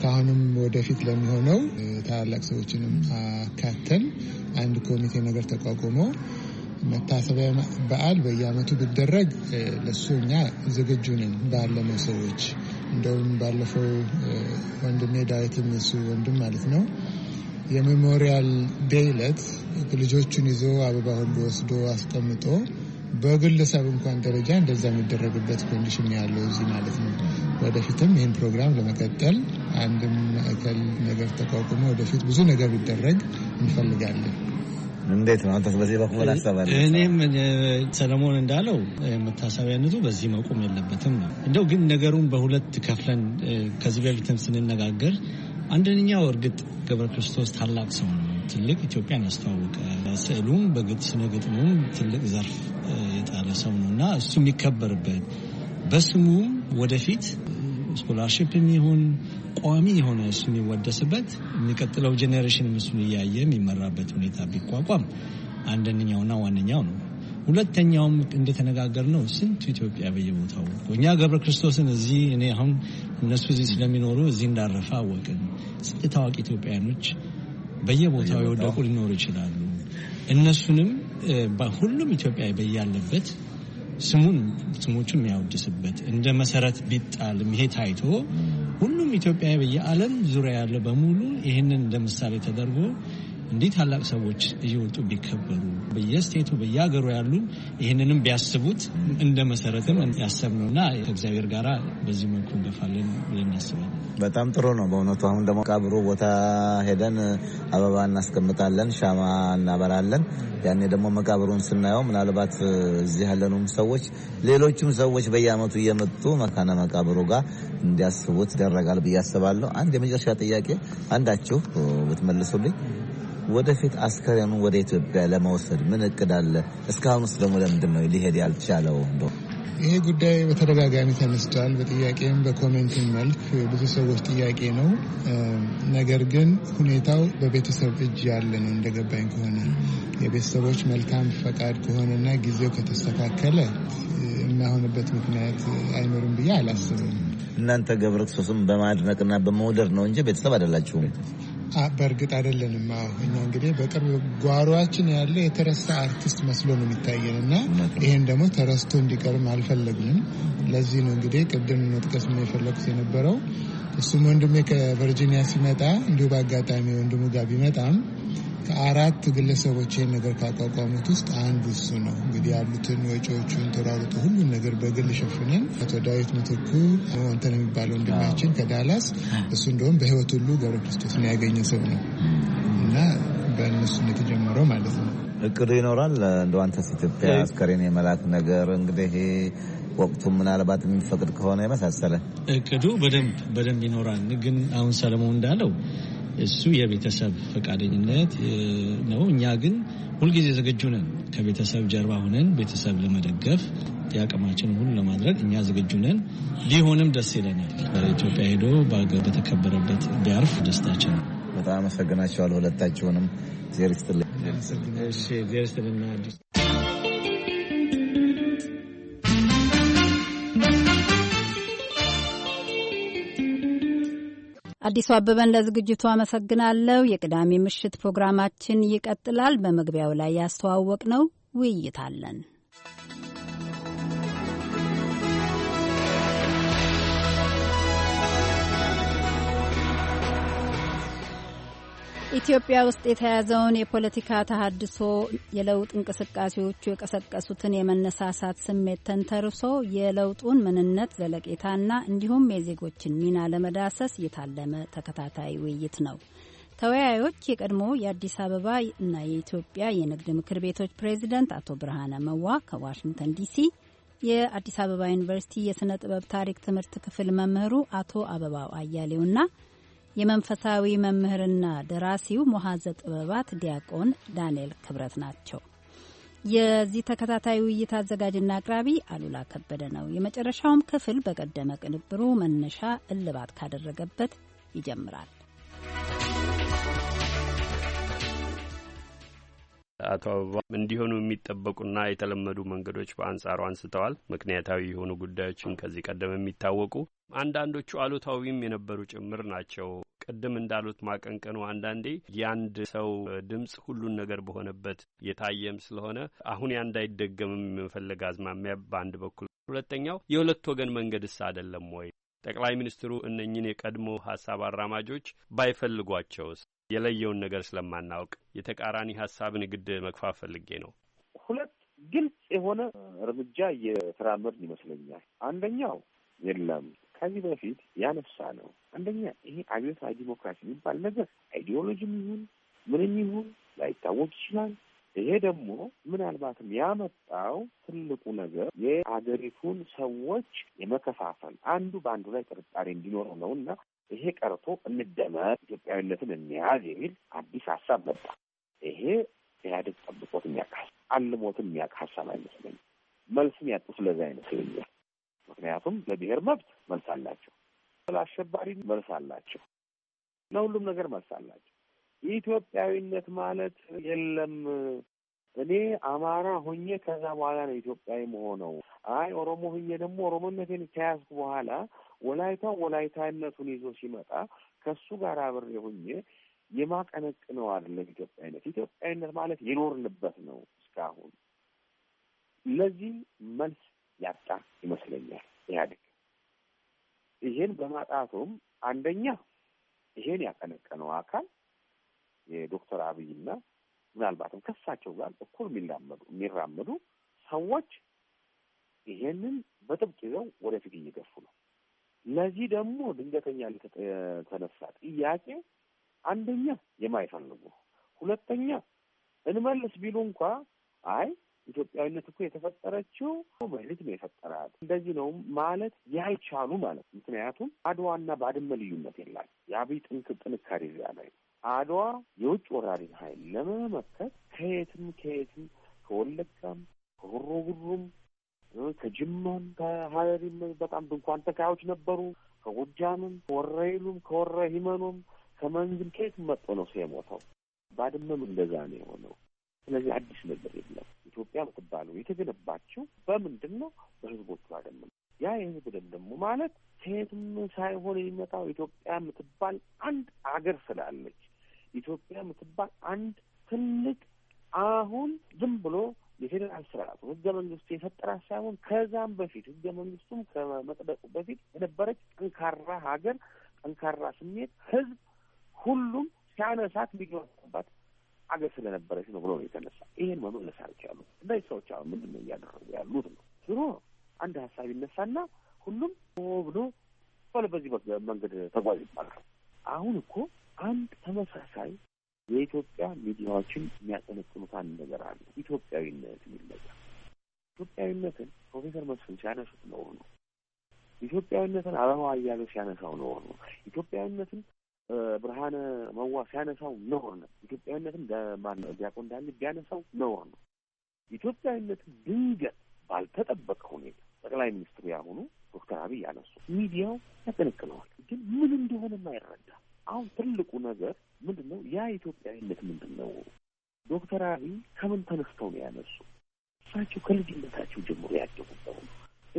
ከአሁንም ወደፊት ለሚሆነው ታላላቅ ሰዎችንም አካተን አንድ ኮሚቴ ነገር ተቋቁሞ መታሰቢያ በዓል በየዓመቱ ቢደረግ ለሱ እኛ ዝግጁ ነን ባለነው ሰዎች እንደውም ባለፈው ወንድሜ ዳዊትም የሱ ወንድም ማለት ነው የሜሞሪያል ዴይ ዕለት ልጆቹን ይዞ አበባ ሁሉ ወስዶ አስቀምጦ በግለሰብ እንኳን ደረጃ እንደዛ የሚደረግበት ኮንዲሽን ያለው እዚህ ማለት ነው። ወደፊትም ይህን ፕሮግራም ለመቀጠል አንድም ማዕከል ነገር ተቋቁሞ ወደፊት ብዙ ነገር ቢደረግ እንፈልጋለን። እንዴት ነው አንተስ በዚህ በኩል አሰባለ? እኔም ሰለሞን እንዳለው መታሰቢያነቱ በዚህ መቆም የለበትም ነው። እንደው ግን ነገሩን በሁለት ከፍለን ከዚህ በፊትም ስንነጋገር አንደኛው እርግጥ ገብረ ክርስቶስ ታላቅ ሰው ነው። ትልቅ ኢትዮጵያን ያስተዋወቀ ስዕሉም ስነ ግጥሙም ትልቅ ዘርፍ የጣለ ሰው ነው እና እሱ የሚከበርበት በስሙም ወደፊት ስኮላርሽፕ የሚሆን ቋሚ የሆነ እሱ የሚወደስበት የሚቀጥለው ጄኔሬሽን ምስሉ እያየ የሚመራበት ሁኔታ ቢቋቋም አንደኛውና ዋነኛው ነው። ሁለተኛውም እንደተነጋገር ነው ስንቱ ኢትዮጵያ በየቦታው እኛ ገብረ ክርስቶስን እዚህ እኔ አሁን እነሱ እዚህ ስለሚኖሩ እዚህ እንዳረፈ አወቅን። ታዋቂ ኢትዮጵያውያኖች በየቦታው የወደቁ ሊኖሩ ይችላሉ። እነሱንም ሁሉም ኢትዮጵያዊ በያለበት ስሙን ስሞቹ የሚያወድስበት እንደ መሰረት ቢጣል ይሄ ታይቶ ሁሉም ኢትዮጵያዊ በየዓለም ዙሪያ ያለ በሙሉ ይህንን እንደ ምሳሌ ተደርጎ እንዲህ ታላቅ ሰዎች እየወጡ ቢከበሩ በየስቴቱ በየሀገሩ ያሉ ይህንንም ቢያስቡት እንደ መሰረትም ያሰብነው እና ከእግዚአብሔር ጋር በዚህ መልኩ እንገፋለን ብለን ያስባል። በጣም ጥሩ ነው በእውነቱ። አሁን ደግሞ ቀብሩ ቦታ ሄደን አበባ እናስቀምጣለን፣ ሻማ እናበራለን። ያኔ ደግሞ መቃብሩን ስናየው ምናልባት እዚህ ያለንም ሰዎች ሌሎችም ሰዎች በየአመቱ እየመጡ መካነ መቃብሩ ጋር እንዲያስቡት ይደረጋል ብዬ አስባለሁ። አንድ የመጨረሻ ጥያቄ አንዳችሁ ብትመልሱልኝ ወደፊት አስከሬኑ ወደ ኢትዮጵያ ለመውሰድ ምን እቅድ አለ? እስካሁን ውስጥ ደግሞ ለምንድን ነው ሊሄድ ያልቻለው? እንደ ይሄ ጉዳይ በተደጋጋሚ ተነስቷል። በጥያቄም በኮሜንትም መልክ ብዙ ሰዎች ጥያቄ ነው። ነገር ግን ሁኔታው በቤተሰብ እጅ ያለ ነው። እንደገባኝ ከሆነ የቤተሰቦች መልካም ፈቃድ ከሆነና ጊዜው ከተስተካከለ የማይሆንበት ምክንያት አይኖርም ብዬ አላስብም። እናንተ ገብረ ክርስቶስም በማድነቅና በመውደድ ነው እንጂ ቤተሰብ አይደላችሁም። በእርግጥ አይደለንም። እኛ እንግዲህ በቅርብ ጓሯችን ያለ የተረሳ አርቲስት መስሎ ነው የሚታየን እና ይሄን ደግሞ ተረስቶ እንዲቀርም አልፈለግንም። ለዚህ ነው እንግዲህ ቅድም መጥቀስ የፈለግኩት የነበረው እሱም ወንድሜ ከቨርጂኒያ ሲመጣ እንዲሁ በአጋጣሚ ወንድሙ ጋር ቢመጣም ከአራት ግለሰቦች ይህን ነገር ካቋቋሙት ውስጥ አንዱ እሱ ነው። እንግዲህ ያሉትን ወጪዎቹን ተሯሩጦ ሁሉን ነገር በግል ሸፍነን አቶ ዳዊት ምትኩ ወንተን የሚባለው ወንድማችን ከዳላስ እሱ እንደውም በህይወት ሁሉ ገብረ ክርስቶስ ነው ያገኘ ሰው ነው እና በእነሱ የተጀመረው ማለት ነው። እቅዱ ይኖራል። እንደ አንተስ ኢትዮጵያ አስከሬን የመላክ ነገር እንግዲህ ወቅቱ ምናልባት የሚፈቅድ ከሆነ የመሳሰለ እቅዱ በደንብ በደንብ ይኖራል። ግን አሁን ሰለሞን እንዳለው እሱ የቤተሰብ ፈቃደኝነት ነው። እኛ ግን ሁልጊዜ ዝግጁ ነን። ከቤተሰብ ጀርባ ሆነን ቤተሰብ ለመደገፍ የአቅማችን ሁሉ ለማድረግ እኛ ዝግጁ ነን። ሊሆንም ደስ ይለናል። ኢትዮጵያ ሄዶ በአገር በተከበረበት ቢያርፍ ደስታችን ነው። በጣም አመሰግናቸዋል ሁለታችሁንም ዜር አዲሱ አበበን ለዝግጅቱ አመሰግናለሁ። የቅዳሜ ምሽት ፕሮግራማችን ይቀጥላል። በመግቢያው ላይ ያስተዋወቅ ነው ውይይት አለን። ኢትዮጵያ ውስጥ የተያዘውን የፖለቲካ ተሃድሶ የለውጥ እንቅስቃሴዎቹ የቀሰቀሱትን የመነሳሳት ስሜት ተንተርሶ የለውጡን ምንነት ዘለቄታና እንዲሁም የዜጎችን ሚና ለመዳሰስ የታለመ ተከታታይ ውይይት ነው። ተወያዮች የቀድሞ የአዲስ አበባ እና የኢትዮጵያ የንግድ ምክር ቤቶች ፕሬዚደንት አቶ ብርሃነ መዋ ከዋሽንግተን ዲሲ የአዲስ አበባ ዩኒቨርሲቲ የሥነ ጥበብ ታሪክ ትምህርት ክፍል መምህሩ አቶ አበባው አያሌውና የመንፈሳዊ መምህርና ደራሲው ሞሀዘ ጥበባት ዲያቆን ዳንኤል ክብረት ናቸው። የዚህ ተከታታይ ውይይት አዘጋጅና አቅራቢ አሉላ ከበደ ነው። የመጨረሻውም ክፍል በቀደመ ቅንብሩ መነሻ እልባት ካደረገበት ይጀምራል። አቶ አበባ እንዲሆኑ የሚጠበቁና የተለመዱ መንገዶች በአንጻሩ አንስተዋል። ምክንያታዊ የሆኑ ጉዳዮችን ከዚህ ቀደም የሚታወቁ አንዳንዶቹ አሉታዊም የነበሩ ጭምር ናቸው። ቅድም እንዳሉት ማቀንቀኑ አንዳንዴ የአንድ ሰው ድምፅ ሁሉን ነገር በሆነበት የታየም ስለሆነ አሁን ያ እንዳይደገምም የመፈለግ አዝማሚያ በአንድ በኩል፣ ሁለተኛው የሁለት ወገን መንገድስ አይደለም ወይ? ጠቅላይ ሚኒስትሩ እነኝን የቀድሞ ሀሳብ አራማጆች ባይፈልጓቸውስ የለየውን ነገር ስለማናውቅ የተቃራኒ ሀሳብን ግድ መግፋት ፈልጌ ነው። ሁለት ግልጽ የሆነ እርምጃ እየተራመድ ይመስለኛል። አንደኛው የለም ከዚህ በፊት ያነሳ ነው። አንደኛ ይሄ አብዮታዊ ዲሞክራሲ የሚባል ነገር አይዲዮሎጂም ይሁን ምንም ይሁን ላይታወቅ ይችላል። ይሄ ደግሞ ምናልባትም ያመጣው ትልቁ ነገር የአገሪቱን ሰዎች የመከፋፈል አንዱ በአንዱ ላይ ጥርጣሬ እንዲኖረው ነው እና ይሄ ቀርቶ እንደመር ኢትዮጵያዊነትን እንያዝ የሚል አዲስ ሀሳብ መጣ። ይሄ ኢህአዴግ ጠብቆት የሚያውቅ አልሞትም የሚያውቅ ሀሳብ አይመስለኝም። መልስም ያጡ ለዛ አይመስለኛል። ምክንያቱም ለብሔር መብት መልስ አላቸው፣ ስለአሸባሪ መልስ አላቸው፣ ለሁሉም ነገር መልስ አላቸው። የኢትዮጵያዊነት ማለት የለም እኔ አማራ ሆኜ ከዛ በኋላ ነው ኢትዮጵያዊ መሆነው። አይ ኦሮሞ ሆኜ ደግሞ ኦሮሞነቴን ከያዝኩ በኋላ ወላይታ ወላይታነቱን ይዞ ሲመጣ ከሱ ጋር አብሬ ሁኜ የማቀነቅነው አይደለም። ኢትዮጵያዊነት ኢትዮጵያዊነት ማለት የኖርንበት ነው። እስካሁን ለዚህ መልስ ያጣ ይመስለኛል ኢህአዴግ። ይሄን በማጣቱም አንደኛ ይሄን ያቀነቀነው አካል የዶክተር አብይና ምናልባትም ከሳቸው ጋር እኩል የሚላመዱ የሚራመዱ ሰዎች ይሄንን በጥብቅ ይዘው ወደፊት እየገፉ ነው። ለዚህ ደግሞ ድንገተኛ ተነሳ ጥያቄ አንደኛ የማይፈልጉ ሁለተኛ እንመልስ ቢሉ እንኳ አይ ኢትዮጵያዊነት እኮ የተፈጠረችው በህሊት ነው የፈጠራት እንደዚህ ነው ማለት ያይቻሉ ማለት ምክንያቱም አድዋና ባድመ ልዩነት የላል የአብይ ጥንክ ጥንካሬ እዚያ ላይ አድዋ የውጭ ወራሪን ኃይል ለመመከት ከየትም ከየትም ከወለጋም ከሆሮ ጉሩም ከጅማም ከሀረሪም በጣም ድንኳን ተካዮች ነበሩ። ከጎጃምም ከወረይሉም ከወረ ሂመኖም ከመንዝም ከየት መጥቶ ነው ሰው የሞተው። ባድመም እንደዛ ነው የሆነው። ስለዚህ አዲስ ነገር የለም። ኢትዮጵያ የምትባለው የተገነባቸው በምንድን ነው? በህዝቦቹ አደም ነው። ያ የህዝብ ደም ደግሞ ማለት ከየትም ሳይሆን የሚመጣው ኢትዮጵያ የምትባል አንድ አገር ስላለች ኢትዮጵያ የምትባል አንድ ትልቅ አሁን ዝም ብሎ የፌዴራል ስርዓቱ ህገ መንግስቱ የፈጠራት ሳይሆን ከዛም በፊት ህገ መንግስቱም ከመጥበቁ በፊት የነበረች ጠንካራ ሀገር፣ ጠንካራ ስሜት ህዝብ ሁሉም ሲያነሳት ሊገባባት አገር ስለነበረች ነው ብሎ ነው የተነሳ። ይሄን መመለስ አልቻሉም። እነዚህ ሰዎች አሁን ምንድን ነው እያደረጉ ያሉት ነው? ድሮ አንድ ሀሳብ ይነሳና ሁሉም ብሎ በዚህ መንገድ ተጓዝ ይባላል። አሁን እኮ አንድ ተመሳሳይ የኢትዮጵያ ሚዲያዎችን የሚያጠነክኑት አንድ ነገር አለ። ኢትዮጵያዊነት የሚል ነገር ኢትዮጵያዊነትን ፕሮፌሰር መስፍን ሲያነሱት ነው ነው ኢትዮጵያዊነትን አበባ አያሌው ሲያነሳው ነው ነው ኢትዮጵያዊነትን ብርሃነ መዋ ሲያነሳው ነውር ነው። ኢትዮጵያዊነትን ዲያቆን እንዳለ ቢያነሳው ነውር ነው። ኢትዮጵያዊነትን ድንገት ባልተጠበቀ ሁኔታ ጠቅላይ ሚኒስትሩ ያሁኑ ዶክተር አብይ ያነሱ ሚዲያው ያጠነቅነዋል፣ ግን ምን እንደሆነ አይረዳም። አሁን ትልቁ ነገር ምንድን ነው? ያ ኢትዮጵያዊነት ምንድን ነው? ዶክተር አብይ ከምን ተነስተው ነው ያነሱ? እሳቸው ከልጅነታቸው ጀምሮ ያደጉበት ነው።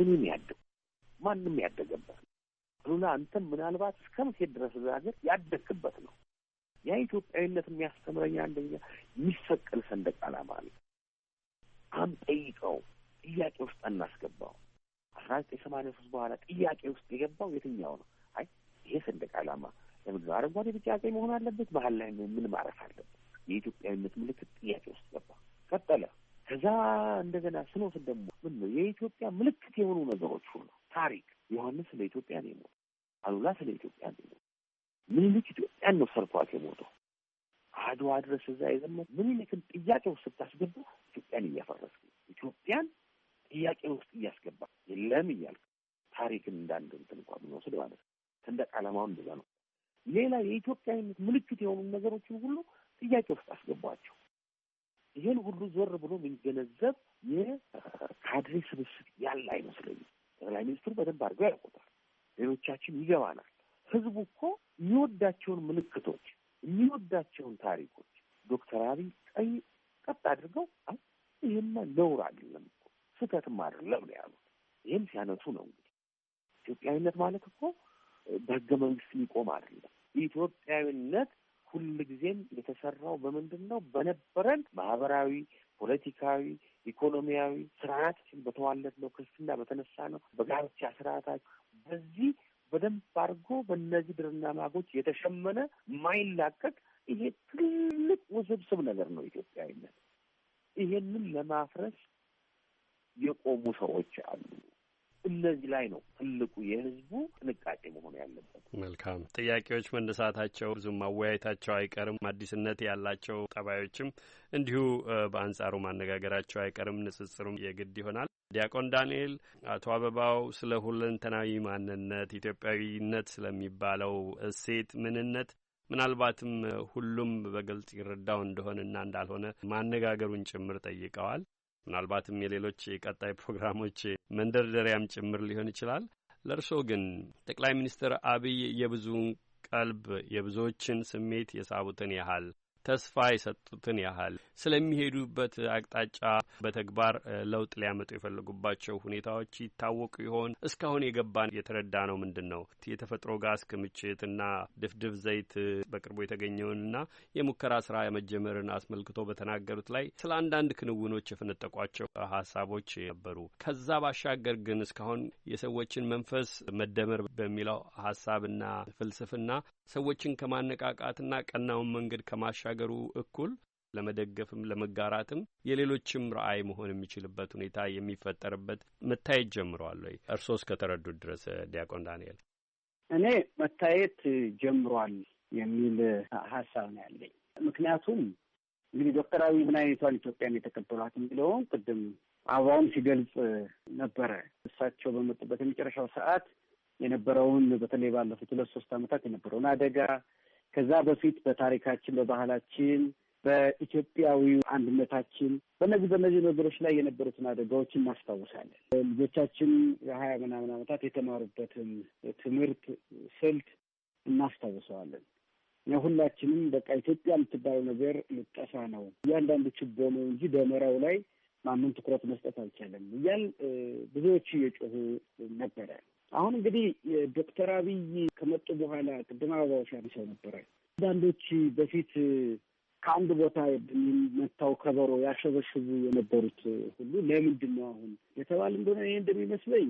እኔም ያደጉ ማንም ያደገበት ነው። አሉላ አንተም ምናልባት እስከ መቼ ድረስ ሀገር ያደግክበት ነው። ያ ኢትዮጵያዊነት የሚያስተምረኝ አንደኛ የሚሰቀል ሰንደቅ ዓላማ ነው። ጠይቀው ጥያቄ ውስጥ አናስገባው። አስራ ዘጠኝ ሰማንያ ሶስት በኋላ ጥያቄ ውስጥ የገባው የትኛው ነው? አይ ይሄ ሰንደቅ ዓላማ ለምን አረንጓዴ፣ ቢጫ፣ ቀይ መሆን አለበት? ባህል ላይ ምን ማረፍ አለበት? የኢትዮጵያዊነት ምልክት ጥያቄ ውስጥ ገባ። ቀጠለ። ከዛ እንደገና ስንወስድ ደግሞ ምን ነው የኢትዮጵያ ምልክት የሆኑ ነገሮች ሁሉ ታሪክ ዮሐንስ ስለ ኢትዮጵያ ነው የሞተው። አሉላ ስለ ኢትዮጵያ ነው የሞተው። ምኒልክ ኢትዮጵያን ነው ሰርቷት የሞተው። አድዋ ድረስ እዛ የዘመት ምኒልክን ጥያቄ ውስጥ ስታስገቡ ኢትዮጵያን እያፈረስክ ኢትዮጵያን ጥያቄ ውስጥ እያስገባ የለም እያልክ ታሪክን እንዳንድ እንትን እንኳ ብንወስድ ማለት ነው። ሰንደቅ ዓላማውን እንደዛ ነው ሌላ የኢትዮጵያዊነት ምልክት የሆኑ ነገሮችን ሁሉ ጥያቄ ውስጥ አስገቧቸው። ይህን ሁሉ ዞር ብሎ የሚገነዘብ የካድሬ ስብስብ ያለ አይመስለኝም። ጠቅላይ ሚኒስትሩ በደንብ አድርገው ያውቁታል። ሌሎቻችን ይገባናል። ህዝቡ እኮ የሚወዳቸውን ምልክቶች፣ የሚወዳቸውን ታሪኮች ዶክተር አብይ ቀይ ቀጥ አድርገው አይ ይህማ ነውር አይደለም እኮ ስህተትም አይደለም ነው ያሉት። ይህም ሲያነሱ ነው እንግዲህ ኢትዮጵያዊነት ማለት እኮ በህገ መንግስት የሚቆም አይደለም። ኢትዮጵያዊነት ሁልጊዜም የተሰራው በምንድን ነው? በነበረን ማህበራዊ፣ ፖለቲካዊ፣ ኢኮኖሚያዊ ስርዓታችን በተዋለት ነው። ክርስትና በተነሳ ነው። በጋብቻ ስርዓታችን በዚህ በደንብ አድርጎ በእነዚህ ድርና ማጎች የተሸመነ የማይላቀቅ ይሄ ትልቅ ውስብስብ ነገር ነው ኢትዮጵያዊነት። ይሄንን ለማፍረስ የቆሙ ሰዎች አሉ። እነዚህ ላይ ነው ትልቁ የህዝቡ ጥንቃቄ መሆን ያለበት። መልካም ጥያቄዎች መነሳታቸው ብዙ ማወያየታቸው አይቀርም። አዲስነት ያላቸው ጠባዮችም እንዲሁ በአንጻሩ ማነጋገራቸው አይቀርም። ንጽጽሩም የግድ ይሆናል። ዲያቆን ዳንኤል፣ አቶ አበባው ስለ ሁለንተናዊ ማንነት ኢትዮጵያዊነት ስለሚባለው እሴት ምንነት ምናልባትም ሁሉም በግልጽ ይረዳው እንደሆነና እንዳልሆነ ማነጋገሩን ጭምር ጠይቀዋል። ምናልባትም የሌሎች ቀጣይ ፕሮግራሞች መንደርደሪያም ጭምር ሊሆን ይችላል። ለእርስዎ ግን ጠቅላይ ሚኒስትር አብይ የብዙውን ቀልብ የብዙዎችን ስሜት የሳቡትን ያህል ተስፋ የሰጡትን ያህል ስለሚሄዱበት አቅጣጫ በተግባር ለውጥ ሊያመጡ የፈለጉባቸው ሁኔታዎች ይታወቁ ይሆን? እስካሁን የገባን የተረዳ ነው ምንድን ነው የተፈጥሮ ጋዝ ክምችትና ድፍድፍ ዘይት በቅርቡ የተገኘውንና የሙከራ ስራ መጀመርን አስመልክቶ በተናገሩት ላይ ስለ አንዳንድ ክንውኖች የፈነጠቋቸው ሀሳቦች ነበሩ። ከዛ ባሻገር ግን እስካሁን የሰዎችን መንፈስ መደመር በሚለው ሀሳብና ፍልስፍና ሰዎችን ከማነቃቃትና ቀናውን መንገድ ከማሻገር ከሀገሩ እኩል ለመደገፍም ለመጋራትም የሌሎችም ረአይ መሆን የሚችልበት ሁኔታ የሚፈጠርበት መታየት ጀምረዋል ወይ? እርስዎ እስከተረዱት ድረስ ዲያቆን ዳንኤል። እኔ መታየት ጀምሯል የሚል ሀሳብ ነው ያለኝ። ምክንያቱም እንግዲህ ዶክተር አብይ ምን አይነቷን ኢትዮጵያን የተቀበሏት የሚለውን ቅድም አበባውም ሲገልጽ ነበረ። እሳቸው በመጡበት የመጨረሻው ሰዓት የነበረውን በተለይ ባለፉት ሁለት ሶስት ዓመታት የነበረውን አደጋ ከዛ በፊት በታሪካችን፣ በባህላችን፣ በኢትዮጵያዊ አንድነታችን በነዚህ በነዚህ ነገሮች ላይ የነበሩትን አደጋዎች እናስታውሳለን። ልጆቻችን የሀያ ምናምን ዓመታት የተማሩበትን ትምህርት ስልት እናስታውሰዋለን። ሁላችንም በቃ ኢትዮጵያ የምትባለው ነገር ልጠፋ ነው፣ እያንዳንዱ ችቦ ነው እንጂ ደመራው ላይ ማንም ትኩረት መስጠት አልቻለም እያል ብዙዎቹ እየጮሁ ነበረ። አሁን እንግዲህ ዶክተር አብይ ከመጡ በኋላ ቅድም አበባዎች ያነሳው ነበረ። አንዳንዶች በፊት ከአንድ ቦታ መታው ከበሮ ያሸበሽቡ የነበሩት ሁሉ ለምንድን ነው አሁን የተባለ እንደሆነ ይህ እንደሚመስለኝ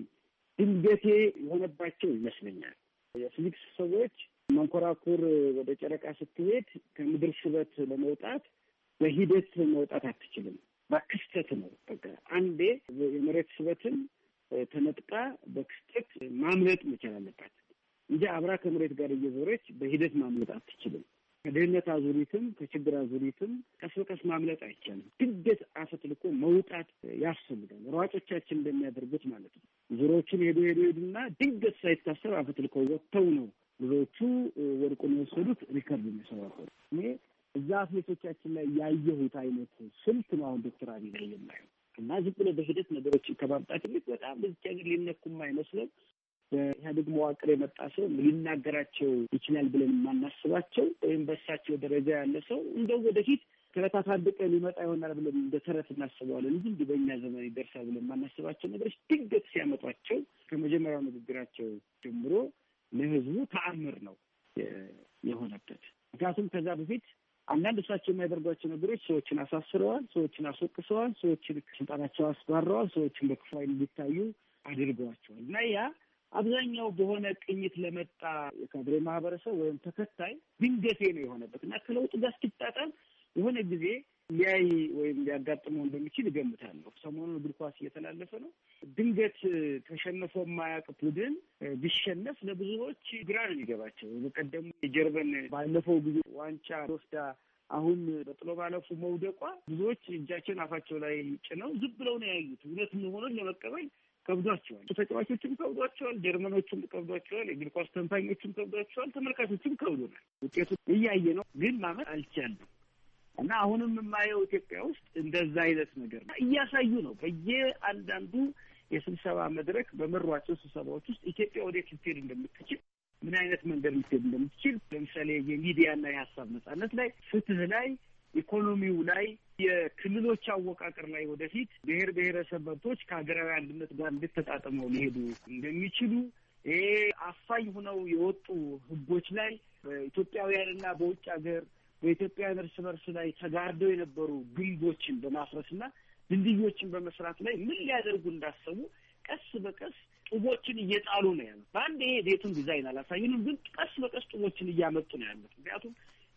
ድንገቴ የሆነባቸው ይመስለኛል። የፊዚክስ ሰዎች መንኮራኩር ወደ ጨረቃ ስትሄድ ከምድር ሽበት ለመውጣት በሂደት መውጣት አትችልም። በክስተት ነው። በቃ አንዴ የመሬት ስበትን ተነጥቃ በክስተት ማምለጥ መቻል አለባት እንጂ አብራ ከመሬት ጋር እየዞረች በሂደት ማምለጥ አትችልም። ከድህነት አዙሪትም ከችግር አዙሪትም ቀስ በቀስ ማምለጥ አይቻልም። ግዴታ አፈትልኮ መውጣት ያስፈልጋል። ሯጮቻችን እንደሚያደርጉት ማለት ነው። ዙሮዎቹን ሄዶ ሄዶ ሄዱና ድንገት ሳይታሰብ አፈትልኮ ወጥተው ነው ብዙዎቹ ወርቁን የወሰዱት ሪከርድ የሚሰባበሩ እኔ እዛ አትሌቶቻችን ላይ ያየሁት አይነት ስልት ነው አሁን ዶክተር አብይ ላይ የማየው እና ዝም ብሎ በሂደት ነገሮችን ከማምጣት ይልቅ በጣም በዚያ ሀገር አይመስለም። በኢህአዴግ መዋቅር የመጣ ሰው ሊናገራቸው ይችላል ብለን የማናስባቸው ወይም በእሳቸው ደረጃ ያለ ሰው እንደው ወደፊት ከዕለታት አንድ ቀን ሊመጣ ይሆናል ብለን እንደ እናስበዋለን እንጂ እንዲህ በእኛ ዘመን ይደርሳል ብለን የማናስባቸው ነገሮች ድንገት ሲያመጧቸው ከመጀመሪያው ንግግራቸው ጀምሮ ለህዝቡ ተአምር ነው የሆነበት። ምክንያቱም ከዛ በፊት አንዳንድ እሳቸው የሚያደርጓቸው ነገሮች ሰዎችን አሳስረዋል፣ ሰዎችን አስወቅሰዋል፣ ሰዎችን ስልጣናቸው አስባረዋል፣ ሰዎችን በክፋይ እንዲታዩ አድርገዋቸዋል እና ያ አብዛኛው በሆነ ቅኝት ለመጣ የካድሬ ማህበረሰብ ወይም ተከታይ ድንገቴ ነው የሆነበት እና ከለውጥ ጋር ስትጣጣም የሆነ ጊዜ ሊያይ ወይም ሊያጋጥመው እንደሚችል እገምታለሁ። ሰሞኑን እግር ኳስ እየተላለፈ ነው። ድንገት ተሸንፎ የማያውቅ ቡድን ቢሸነፍ ለብዙዎች ግራ ነው የሚገባቸው። በቀደሙ የጀርመን ባለፈው ጊዜ ዋንጫ ወስዳ አሁን በጥሎ ባለፉ መውደቋ ብዙዎች እጃቸውን አፋቸው ላይ ጭነው ዝም ብለው ነው ያዩት። እውነት መሆኑን ለመቀበል ከብዷቸዋል። ተጫዋቾችም ከብዷቸዋል፣ ጀርመኖችም ከብዷቸዋል፣ የእግር ኳስ ተንታኞችም ከብዷቸዋል፣ ተመልካቾችም ከብዶናል። ውጤቱ እያየ ነው ግን ማመን አልቻለም። እና አሁንም የማየው ኢትዮጵያ ውስጥ እንደዛ አይነት ነገር ነው እያሳዩ ነው። በየአንዳንዱ የስብሰባ መድረክ በመሯቸው ስብሰባዎች ውስጥ ኢትዮጵያ ወዴት ልትሄድ እንደምትችል ምን አይነት መንገድ ልትሄድ እንደምትችል ለምሳሌ የሚዲያና የሀሳብ ነጻነት ላይ፣ ፍትህ ላይ፣ ኢኮኖሚው ላይ፣ የክልሎች አወቃቀር ላይ ወደፊት ብሔር ብሔረሰብ መብቶች ከሀገራዊ አንድነት ጋር እንድተጣጥመው ተጣጥመው ሊሄዱ እንደሚችሉ ይሄ አፋኝ ሆነው የወጡ ህጎች ላይ በኢትዮጵያውያንና በውጭ ሀገር በኢትዮጵያውያን እርስ በርስ ላይ ተጋርደው የነበሩ ግንቦችን በማፍረስና ድልድዮችን በመስራት ላይ ምን ሊያደርጉ እንዳሰቡ ቀስ በቀስ ጡቦችን እየጣሉ ነው ያሉት። በአንድ ይሄ ቤቱን ዲዛይን አላሳይንም፣ ግን ቀስ በቀስ ጡቦችን እያመጡ ነው ያሉት። ምክንያቱም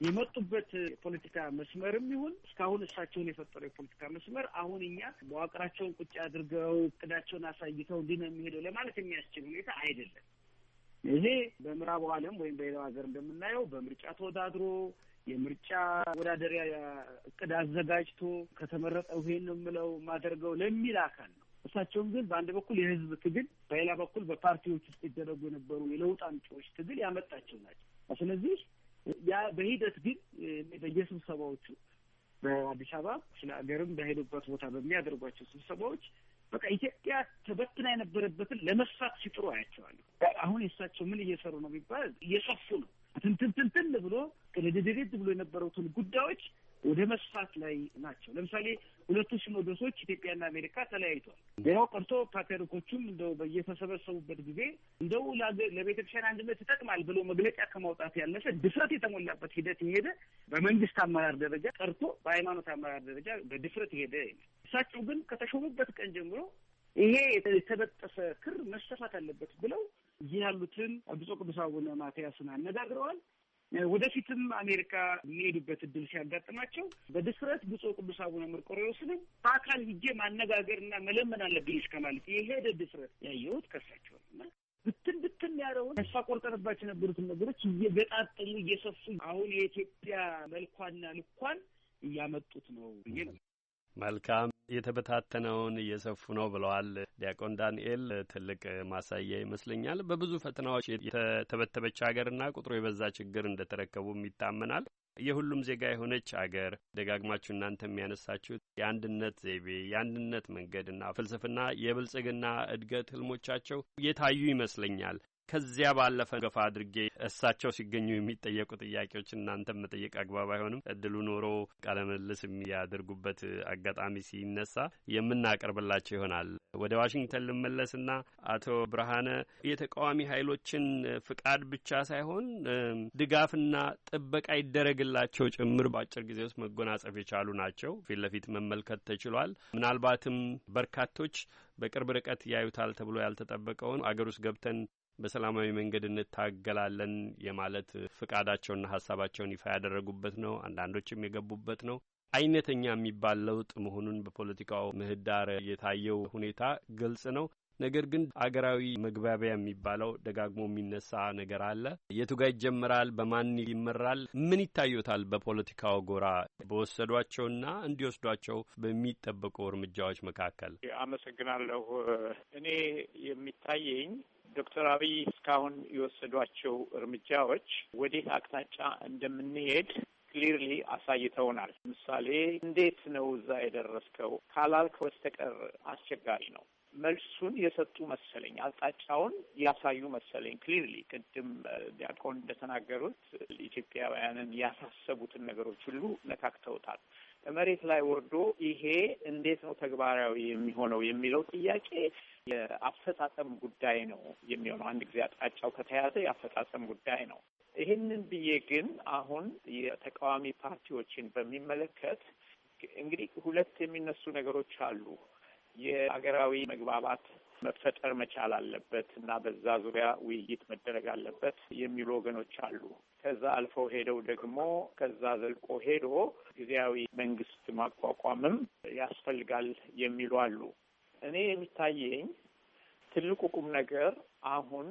የመጡበት የፖለቲካ መስመርም ይሁን እስካሁን እሳቸውን የፈጠረው የፖለቲካ መስመር አሁን እኛ መዋቅራቸውን ቁጭ አድርገው እቅዳቸውን አሳይተው እንዲህ ነው የሚሄደው ለማለት የሚያስችል ሁኔታ አይደለም። ይሄ በምዕራቡ ዓለም ወይም በሌላው ሀገር እንደምናየው በምርጫ ተወዳድሮ የምርጫ ወዳደሪያ እቅድ አዘጋጅቶ ከተመረጠው ይሄን ነው የምለው ማደርገው ለሚል አካል ነው። እሳቸውም ግን በአንድ በኩል የህዝብ ትግል፣ በሌላ በኩል በፓርቲዎች ውስጥ ይደረጉ የነበሩ የለውጥ አምጪዎች ትግል ያመጣቸው ናቸው። ስለዚህ ያ በሂደት ግን በየስብሰባዎቹ በአዲስ አበባ ስለ ሀገርም በሄዱበት ቦታ በሚያደርጓቸው ስብሰባዎች በቃ ኢትዮጵያ ተበትና የነበረበትን ለመስፋት ሲጥሩ አያቸዋለሁ። አሁን የእሳቸው ምን እየሰሩ ነው ቢባል እየሰፉ ነው ትንትንትንትን ብሎ ቅልድድድድ ብሎ የነበሩትን ጉዳዮች ወደ መስፋት ላይ ናቸው። ለምሳሌ ሁለቱ ሲኖዶሶች ኢትዮጵያና አሜሪካ ተለያይቷል። ሌላው ቀርቶ ፓትርያርኮቹም እንደው በየተሰበሰቡበት ጊዜ እንደው ለቤተክርስቲያን አንድነት ይጠቅማል ብሎ መግለጫ ከማውጣት ያለፈ ድፍረት የተሞላበት ሂደት የሄደ በመንግስት አመራር ደረጃ ቀርቶ በሃይማኖት አመራር ደረጃ በድፍረት የሄደ እሳቸው ግን ከተሾሙበት ቀን ጀምሮ ይሄ የተበጠሰ ክር መሰፋት አለበት ብለው እዚህ ያሉትን ብፁዕ ቅዱስ አቡነ ማትያስን አነጋግረዋል። ወደፊትም አሜሪካ የሚሄዱበት እድል ሲያጋጥማቸው በድፍረት ብፁዕ ቅዱስ አቡነ መርቆሬዎስንም በአካል ሂጄ ማነጋገርና መለመን አለብኝ እስከማለት የሄደ ድፍረት ያየሁት ከሳቸው እና ብትን ብትን ያደረውን ተስፋ ቆርጠንባቸው የነበሩትን ነገሮች እየገጣጠሙ እየሰፉ አሁን የኢትዮጵያ መልኳና ልኳን እያመጡት ነው ብዬ ነው መልካም የተበታተነውን እየሰፉ ነው ብለዋል ዲያቆን ዳንኤል። ትልቅ ማሳያ ይመስለኛል። በብዙ ፈተናዎች የተተበተበች ሀገርና ቁጥሩ የበዛ ችግር እንደተረከቡም ይታመናል። የሁሉም ዜጋ የሆነች አገር ደጋግማችሁ እናንተ የሚያነሳችሁት የአንድነት ዘይቤ የአንድነት መንገድና ፍልስፍና የብልጽግና እድገት ህልሞቻቸው የታዩ ይመስለኛል። ከዚያ ባለፈ ገፋ አድርጌ እሳቸው ሲገኙ የሚጠየቁ ጥያቄዎች እናንተ መጠየቅ አግባብ አይሆንም። እድሉ ኖሮ ቃለ ምልልስ የሚያደርጉበት አጋጣሚ ሲነሳ የምናቀርብላቸው ይሆናል። ወደ ዋሽንግተን ልመለስና አቶ ብርሃነ የተቃዋሚ ኃይሎችን ፍቃድ ብቻ ሳይሆን ድጋፍና ጥበቃ ይደረግላቸው ጭምር በአጭር ጊዜ ውስጥ መጎናጸፍ የቻሉ ናቸው። ፊት ለፊት መመልከት ተችሏል። ምናልባትም በርካቶች በቅርብ ርቀት ያዩታል ተብሎ ያልተጠበቀውን አገር ውስጥ ገብተን በሰላማዊ መንገድ እንታገላለን የማለት ፍቃዳቸውና ሀሳባቸውን ይፋ ያደረጉበት ነው። አንዳንዶችም የገቡበት ነው። አይነተኛ የሚባል ለውጥ መሆኑን በፖለቲካው ምህዳር የታየው ሁኔታ ግልጽ ነው። ነገር ግን አገራዊ መግባቢያ የሚባለው ደጋግሞ የሚነሳ ነገር አለ። የቱ ጋ ይጀምራል? በማን ይመራል? ምን ይታዩታል? በፖለቲካው ጎራ በወሰዷቸውና እንዲወስዷቸው በሚጠበቁ እርምጃዎች መካከል አመሰግናለሁ። እኔ የሚታየኝ ዶክተር አብይ እስካሁን የወሰዷቸው እርምጃዎች ወዴት አቅጣጫ እንደምንሄድ ክሊርሊ አሳይተውናል። ለምሳሌ እንዴት ነው እዛ የደረስከው ካላልክ በስተቀር አስቸጋሪ ነው። መልሱን የሰጡ መሰለኝ፣ አቅጣጫውን ያሳዩ መሰለኝ። ክሊርሊ ቅድም ዲያቆን እንደተናገሩት ኢትዮጵያውያንን ያሳሰቡትን ነገሮች ሁሉ ነካክተውታል። መሬት ላይ ወርዶ ይሄ እንዴት ነው ተግባራዊ የሚሆነው የሚለው ጥያቄ የአፈጻጸም ጉዳይ ነው የሚሆነው። አንድ ጊዜ አቅጣጫው ከተያዘ የአፈጻጸም ጉዳይ ነው። ይህንን ብዬ ግን አሁን የተቃዋሚ ፓርቲዎችን በሚመለከት እንግዲህ ሁለት የሚነሱ ነገሮች አሉ። የሀገራዊ መግባባት መፈጠር መቻል አለበት እና በዛ ዙሪያ ውይይት መደረግ አለበት የሚሉ ወገኖች አሉ። ከዛ አልፈው ሄደው ደግሞ ከዛ ዘልቆ ሄዶ ጊዜያዊ መንግስት ማቋቋምም ያስፈልጋል የሚሉ አሉ። እኔ የሚታየኝ ትልቁ ቁም ነገር አሁን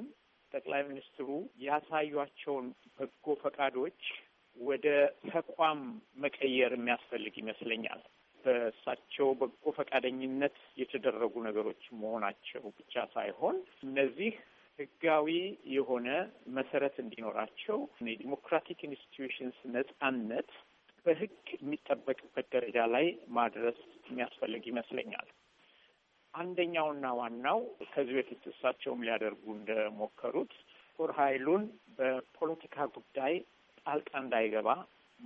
ጠቅላይ ሚኒስትሩ ያሳዩቸውን በጎ ፈቃዶች ወደ ተቋም መቀየር የሚያስፈልግ ይመስለኛል። በእሳቸው በጎ ፈቃደኝነት የተደረጉ ነገሮች መሆናቸው ብቻ ሳይሆን እነዚህ ህጋዊ የሆነ መሰረት እንዲኖራቸው የዲሞክራቲክ ኢንስቲትዩሽንስ ነጻነት በህግ የሚጠበቅበት ደረጃ ላይ ማድረስ የሚያስፈልግ ይመስለኛል። አንደኛውና ዋናው ከዚህ በፊት እሳቸውም ሊያደርጉ እንደሞከሩት ጦር ኃይሉን በፖለቲካ ጉዳይ ጣልቃ እንዳይገባ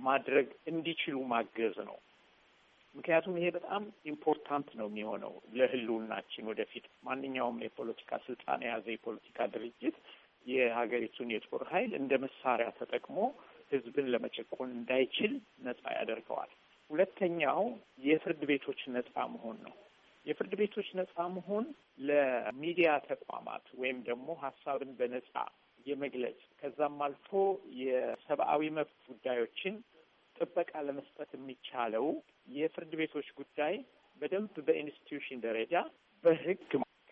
ማድረግ እንዲችሉ ማገዝ ነው። ምክንያቱም ይሄ በጣም ኢምፖርታንት ነው የሚሆነው ለህልውናችን ወደፊት ማንኛውም የፖለቲካ ስልጣን የያዘ የፖለቲካ ድርጅት የሀገሪቱን የጦር ኃይል እንደ መሳሪያ ተጠቅሞ ህዝብን ለመጨቆን እንዳይችል ነጻ ያደርገዋል። ሁለተኛው የፍርድ ቤቶች ነጻ መሆን ነው። የፍርድ ቤቶች ነጻ መሆን ለሚዲያ ተቋማት ወይም ደግሞ ሀሳብን በነጻ የመግለጽ ከዛም አልፎ የሰብአዊ መብት ጉዳዮችን ጥበቃ ለመስጠት የሚቻለው የፍርድ ቤቶች ጉዳይ በደንብ በኢንስቲትዩሽን ደረጃ በህግ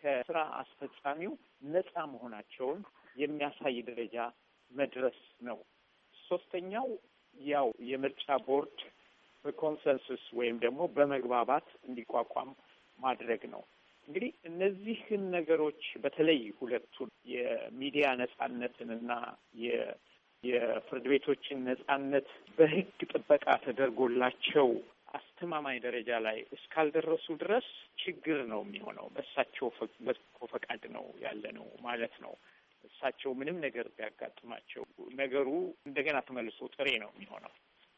ከስራ አስፈጻሚው ነጻ መሆናቸውን የሚያሳይ ደረጃ መድረስ ነው። ሶስተኛው ያው የምርጫ ቦርድ በኮንሰንሱስ ወይም ደግሞ በመግባባት እንዲቋቋም ማድረግ ነው። እንግዲህ እነዚህን ነገሮች በተለይ ሁለቱን የሚዲያ ነጻነትንና የፍርድ ቤቶችን ነጻነት በህግ ጥበቃ ተደርጎላቸው አስተማማኝ ደረጃ ላይ እስካልደረሱ ድረስ ችግር ነው የሚሆነው። በእሳቸው በጎ ፈቃድ ነው ያለ ነው ማለት ነው። እሳቸው ምንም ነገር ቢያጋጥማቸው ነገሩ እንደገና ተመልሶ ጥሬ ነው የሚሆነው።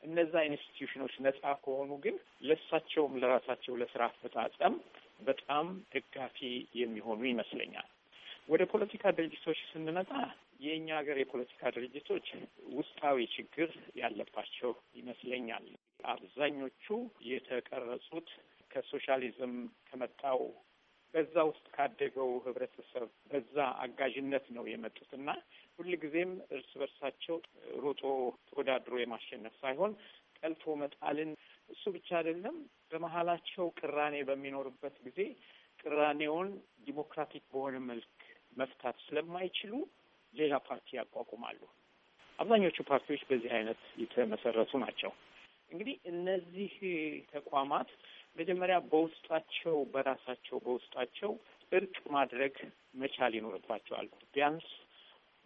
እነዛ ኢንስቲትዩሽኖች ነጻ ከሆኑ ግን ለእሳቸውም ለራሳቸው ለስራ አፈጻጸም በጣም ደጋፊ የሚሆኑ ይመስለኛል። ወደ ፖለቲካ ድርጅቶች ስንመጣ የእኛ ሀገር የፖለቲካ ድርጅቶች ውስጣዊ ችግር ያለባቸው ይመስለኛል። አብዛኞቹ የተቀረጹት ከሶሻሊዝም ከመጣው በዛ ውስጥ ካደገው ህብረተሰብ በዛ አጋዥነት ነው የመጡት እና ሁልጊዜም እርስ በርሳቸው ሮጦ ተወዳድሮ የማሸነፍ ሳይሆን ቀልፎ መጣልን። እሱ ብቻ አይደለም፣ በመሀላቸው ቅራኔ በሚኖርበት ጊዜ ቅራኔውን ዲሞክራቲክ በሆነ መልክ መፍታት ስለማይችሉ ሌላ ፓርቲ ያቋቁማሉ። አብዛኞቹ ፓርቲዎች በዚህ አይነት የተመሰረቱ ናቸው። እንግዲህ እነዚህ ተቋማት መጀመሪያ በውስጣቸው በራሳቸው በውስጣቸው እርቅ ማድረግ መቻል ይኖርባቸዋል። ቢያንስ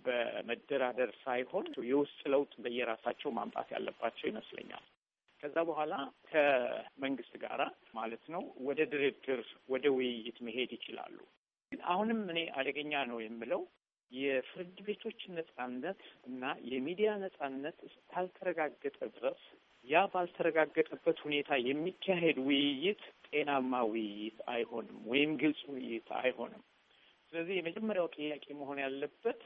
በመደራደር ሳይሆን የውስጥ ለውጥ በየራሳቸው ማምጣት ያለባቸው ይመስለኛል። ከዛ በኋላ ከመንግስት ጋር ማለት ነው ወደ ድርድር ወደ ውይይት መሄድ ይችላሉ። ግን አሁንም እኔ አደገኛ ነው የምለው የፍርድ ቤቶች ነጻነት እና የሚዲያ ነጻነት እስካልተረጋገጠ ድረስ ያ ባልተረጋገጠበት ሁኔታ የሚካሄድ ውይይት ጤናማ ውይይት አይሆንም፣ ወይም ግልጽ ውይይት አይሆንም። ስለዚህ የመጀመሪያው ጥያቄ መሆን ያለበት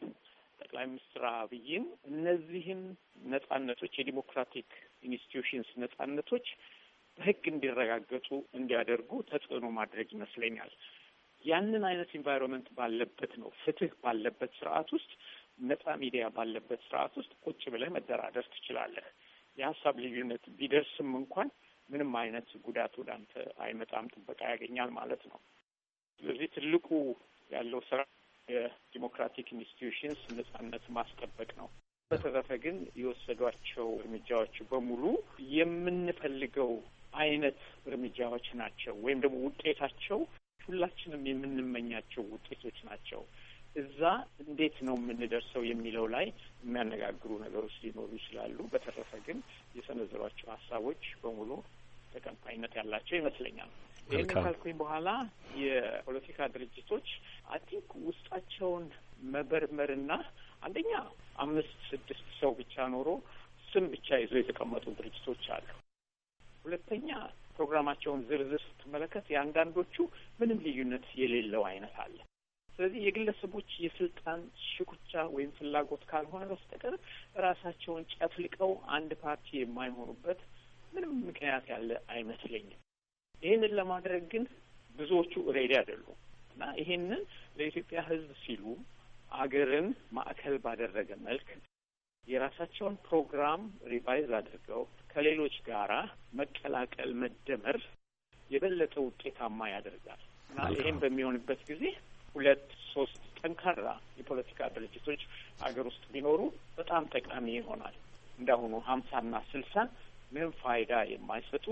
ጠቅላይ ሚኒስትር አብይም እነዚህን ነጻነቶች የዲሞክራቲክ ኢንስቲትዩሽንስ ነጻነቶች በህግ እንዲረጋገጡ እንዲያደርጉ ተጽዕኖ ማድረግ ይመስለኛል። ያንን አይነት ኢንቫይሮንመንት ባለበት ነው ፍትህ ባለበት ስርዓት ውስጥ ነጻ ሚዲያ ባለበት ስርዓት ውስጥ ቁጭ ብለህ መደራደር ትችላለህ። የሀሳብ ልዩነት ቢደርስም እንኳን ምንም አይነት ጉዳት ወደ አንተ አይመጣም፣ ጥበቃ ያገኛል ማለት ነው። ስለዚህ ትልቁ ያለው ስራ የዲሞክራቲክ ኢንስቲትዩሽንስ ነጻነት ማስጠበቅ ነው። በተረፈ ግን የወሰዷቸው እርምጃዎች በሙሉ የምንፈልገው አይነት እርምጃዎች ናቸው ወይም ደግሞ ውጤታቸው ሁላችንም የምንመኛቸው ውጤቶች ናቸው። እዛ እንዴት ነው የምንደርሰው የሚለው ላይ የሚያነጋግሩ ነገሮች ሊኖሩ ይችላሉ። በተረፈ ግን የሰነዘሯቸው ሀሳቦች በሙሉ ተቀባይነት ያላቸው ይመስለኛል። ይህን ካልኩኝ በኋላ የፖለቲካ ድርጅቶች አቲንክ ውስጣቸውን መበርመርና አንደኛ አምስት ስድስት ሰው ብቻ ኖሮ ስም ብቻ ይዞ የተቀመጡ ድርጅቶች አሉ። ሁለተኛ ፕሮግራማቸውን ዝርዝር ስትመለከት የአንዳንዶቹ ምንም ልዩነት የሌለው አይነት አለ። ስለዚህ የግለሰቦች የስልጣን ሽኩቻ ወይም ፍላጎት ካልሆነ በስተቀር ራሳቸውን ጨፍልቀው አንድ ፓርቲ የማይሆኑበት ምንም ምክንያት ያለ አይመስለኝም። ይህንን ለማድረግ ግን ብዙዎቹ ሬዲ አይደሉም እና ይህንን ለኢትዮጵያ ሕዝብ ሲሉ አገርን ማዕከል ባደረገ መልክ የራሳቸውን ፕሮግራም ሪቫይዝ አድርገው ከሌሎች ጋራ መቀላቀል፣ መደመር የበለጠ ውጤታማ ያደርጋል እና ይሄን በሚሆንበት ጊዜ ሁለት ሶስት ጠንካራ የፖለቲካ ድርጅቶች አገር ውስጥ ቢኖሩ በጣም ጠቃሚ ይሆናል። እንዳሁኑ ሀምሳና ስልሳ ምን ፋይዳ የማይሰጡ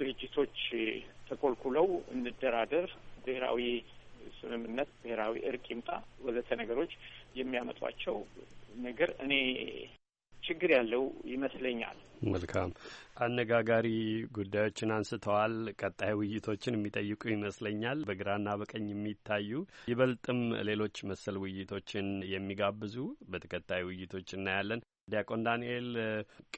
ድርጅቶች ተኮልኩለው እንደራደር፣ ብሔራዊ ስምምነት፣ ብሔራዊ እርቅ ይምጣ ወዘተ ነገሮች የሚያመጧቸው ነገር እኔ ችግር ያለው ይመስለኛል። መልካም አነጋጋሪ ጉዳዮችን አንስተዋል። ቀጣይ ውይይቶችን የሚጠይቁ ይመስለኛል በግራና በቀኝ የሚታዩ ይበልጥም ሌሎች መሰል ውይይቶችን የሚጋብዙ በተከታይ ውይይቶች እናያለን። ዲያቆን ዳንኤል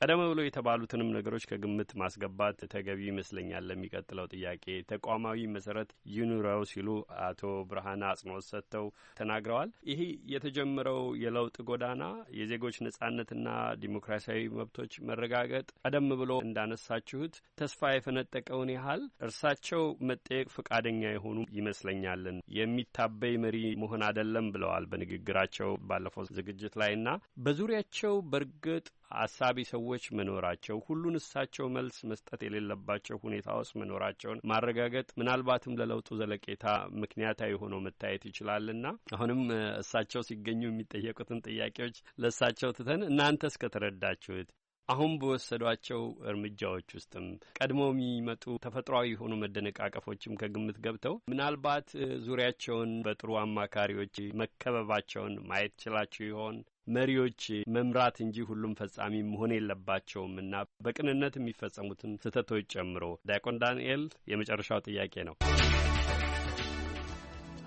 ቀደም ብሎ የተባሉትንም ነገሮች ከግምት ማስገባት ተገቢ ይመስለኛል። ለሚቀጥለው ጥያቄ ተቋማዊ መሰረት ይኑረው ሲሉ አቶ ብርሃነ አጽንኦት ሰጥተው ተናግረዋል። ይሄ የተጀመረው የለውጥ ጎዳና የዜጎች ነጻነትና ዲሞክራሲያዊ መብቶች መረጋገጥ ቀደም ብሎ እንዳነሳችሁት ተስፋ የፈነጠቀውን ያህል እርሳቸው መጠየቅ ፈቃደኛ የሆኑ ይመስለኛልን የሚታበይ መሪ መሆን አይደለም ብለዋል በንግግራቸው ባለፈው ዝግጅት ላይ እና በዙሪያቸው በ በእርግጥ አሳቢ ሰዎች መኖራቸው ሁሉን እሳቸው መልስ መስጠት የሌለባቸው ሁኔታ ውስጥ መኖራቸውን ማረጋገጥ ምናልባትም ለለውጡ ዘለቄታ ምክንያታዊ ሆኖ መታየት ይችላልና አሁንም እሳቸው ሲገኙ የሚጠየቁትን ጥያቄዎች ለእሳቸው ትተን እናንተ እስከተረዳችሁት አሁን በወሰዷቸው እርምጃዎች ውስጥም ቀድሞ የሚመጡ ተፈጥሯዊ የሆኑ መደነቃቀፎችም ከግምት ገብተው ምናልባት ዙሪያቸውን በጥሩ አማካሪዎች መከበባቸውን ማየት ችላችሁ ይሆን? መሪዎች መምራት እንጂ ሁሉም ፈጻሚ መሆን የለባቸውም እና በቅንነት የሚፈጸሙትን ስህተቶች ጨምሮ ዲያቆን ዳንኤል የመጨረሻው ጥያቄ ነው።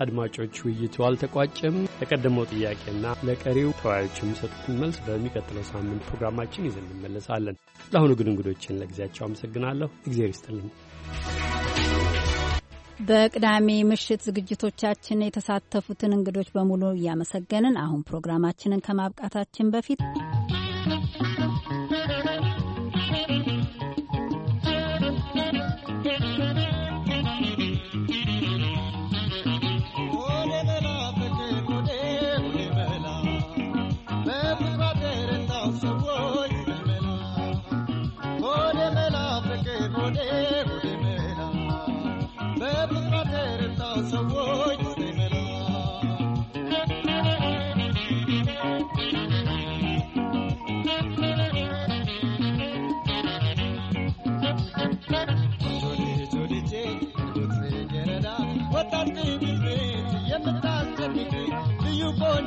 አድማጮች ውይይቱ አልተቋጨም። ለቀደመው ጥያቄና ለቀሪው ተወያዮች የሚሰጡትን መልስ በሚቀጥለው ሳምንት ፕሮግራማችን ይዘን እንመለሳለን። ለአሁኑ ግን እንግዶችን ለጊዜያቸው አመሰግናለሁ። እግዜር ይስጥልኝ። በቅዳሜ ምሽት ዝግጅቶቻችን የተሳተፉትን እንግዶች በሙሉ እያመሰገንን አሁን ፕሮግራማችንን ከማብቃታችን በፊት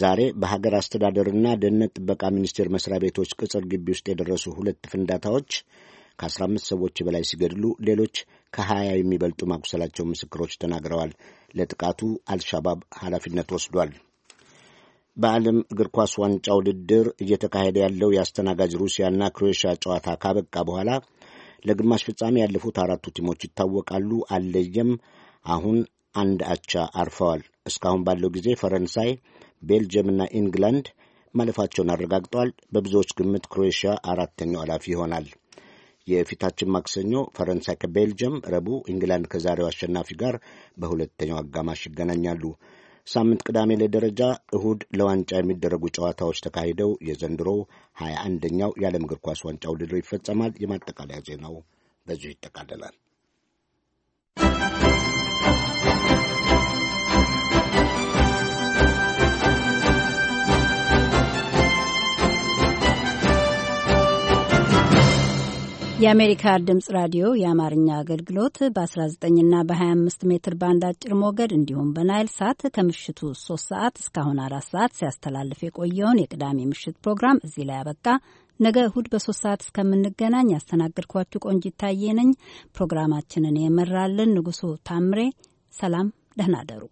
ዛሬ በሀገር አስተዳደርና ደህንነት ጥበቃ ሚኒስቴር መስሪያ ቤቶች ቅጽር ግቢ ውስጥ የደረሱ ሁለት ፍንዳታዎች ከ15 ሰዎች በላይ ሲገድሉ ሌሎች ከ20 የሚበልጡ ማቁሰላቸው ምስክሮች ተናግረዋል። ለጥቃቱ አልሻባብ ኃላፊነት ወስዷል። በዓለም እግር ኳስ ዋንጫ ውድድር እየተካሄደ ያለው የአስተናጋጅ ሩሲያና ክሮኤሽያ ጨዋታ ካበቃ በኋላ ለግማሽ ፍጻሜ ያለፉት አራቱ ቲሞች ይታወቃሉ። አለየም አሁን አንድ አቻ አርፈዋል። እስካሁን ባለው ጊዜ ፈረንሳይ ቤልጅየምና ኢንግላንድ ማለፋቸውን አረጋግጠዋል። በብዙዎች ግምት ክሮኤሽያ አራተኛው አላፊ ይሆናል። የፊታችን ማክሰኞ ፈረንሳይ ከቤልጅየም፣ ረቡዕ ኢንግላንድ ከዛሬው አሸናፊ ጋር በሁለተኛው አጋማሽ ይገናኛሉ። ሳምንት ቅዳሜ ለደረጃ እሁድ ለዋንጫ የሚደረጉ ጨዋታዎች ተካሂደው የዘንድሮው ሀያ አንደኛው የዓለም እግር ኳስ ዋንጫ ውድድር ይፈጸማል። የማጠቃለያ ዜናው በዚሁ ይጠቃልላል። የአሜሪካ ድምጽ ራዲዮ የአማርኛ አገልግሎት በ19ና በ25 ሜትር ባንድ አጭር ሞገድ እንዲሁም በናይል ሳት ከምሽቱ 3 ሰዓት እስካሁን አራት ሰዓት ሲያስተላልፍ የቆየውን የቅዳሜ ምሽት ፕሮግራም እዚህ ላይ አበቃ። ነገ እሁድ በሶስት ሰዓት እስከምንገናኝ ያስተናገድኳችሁ ቆንጂት ታዬ ነኝ። ፕሮግራማችንን የመራልን ንጉሱ ታምሬ። ሰላም፣ ደህና ደሩ።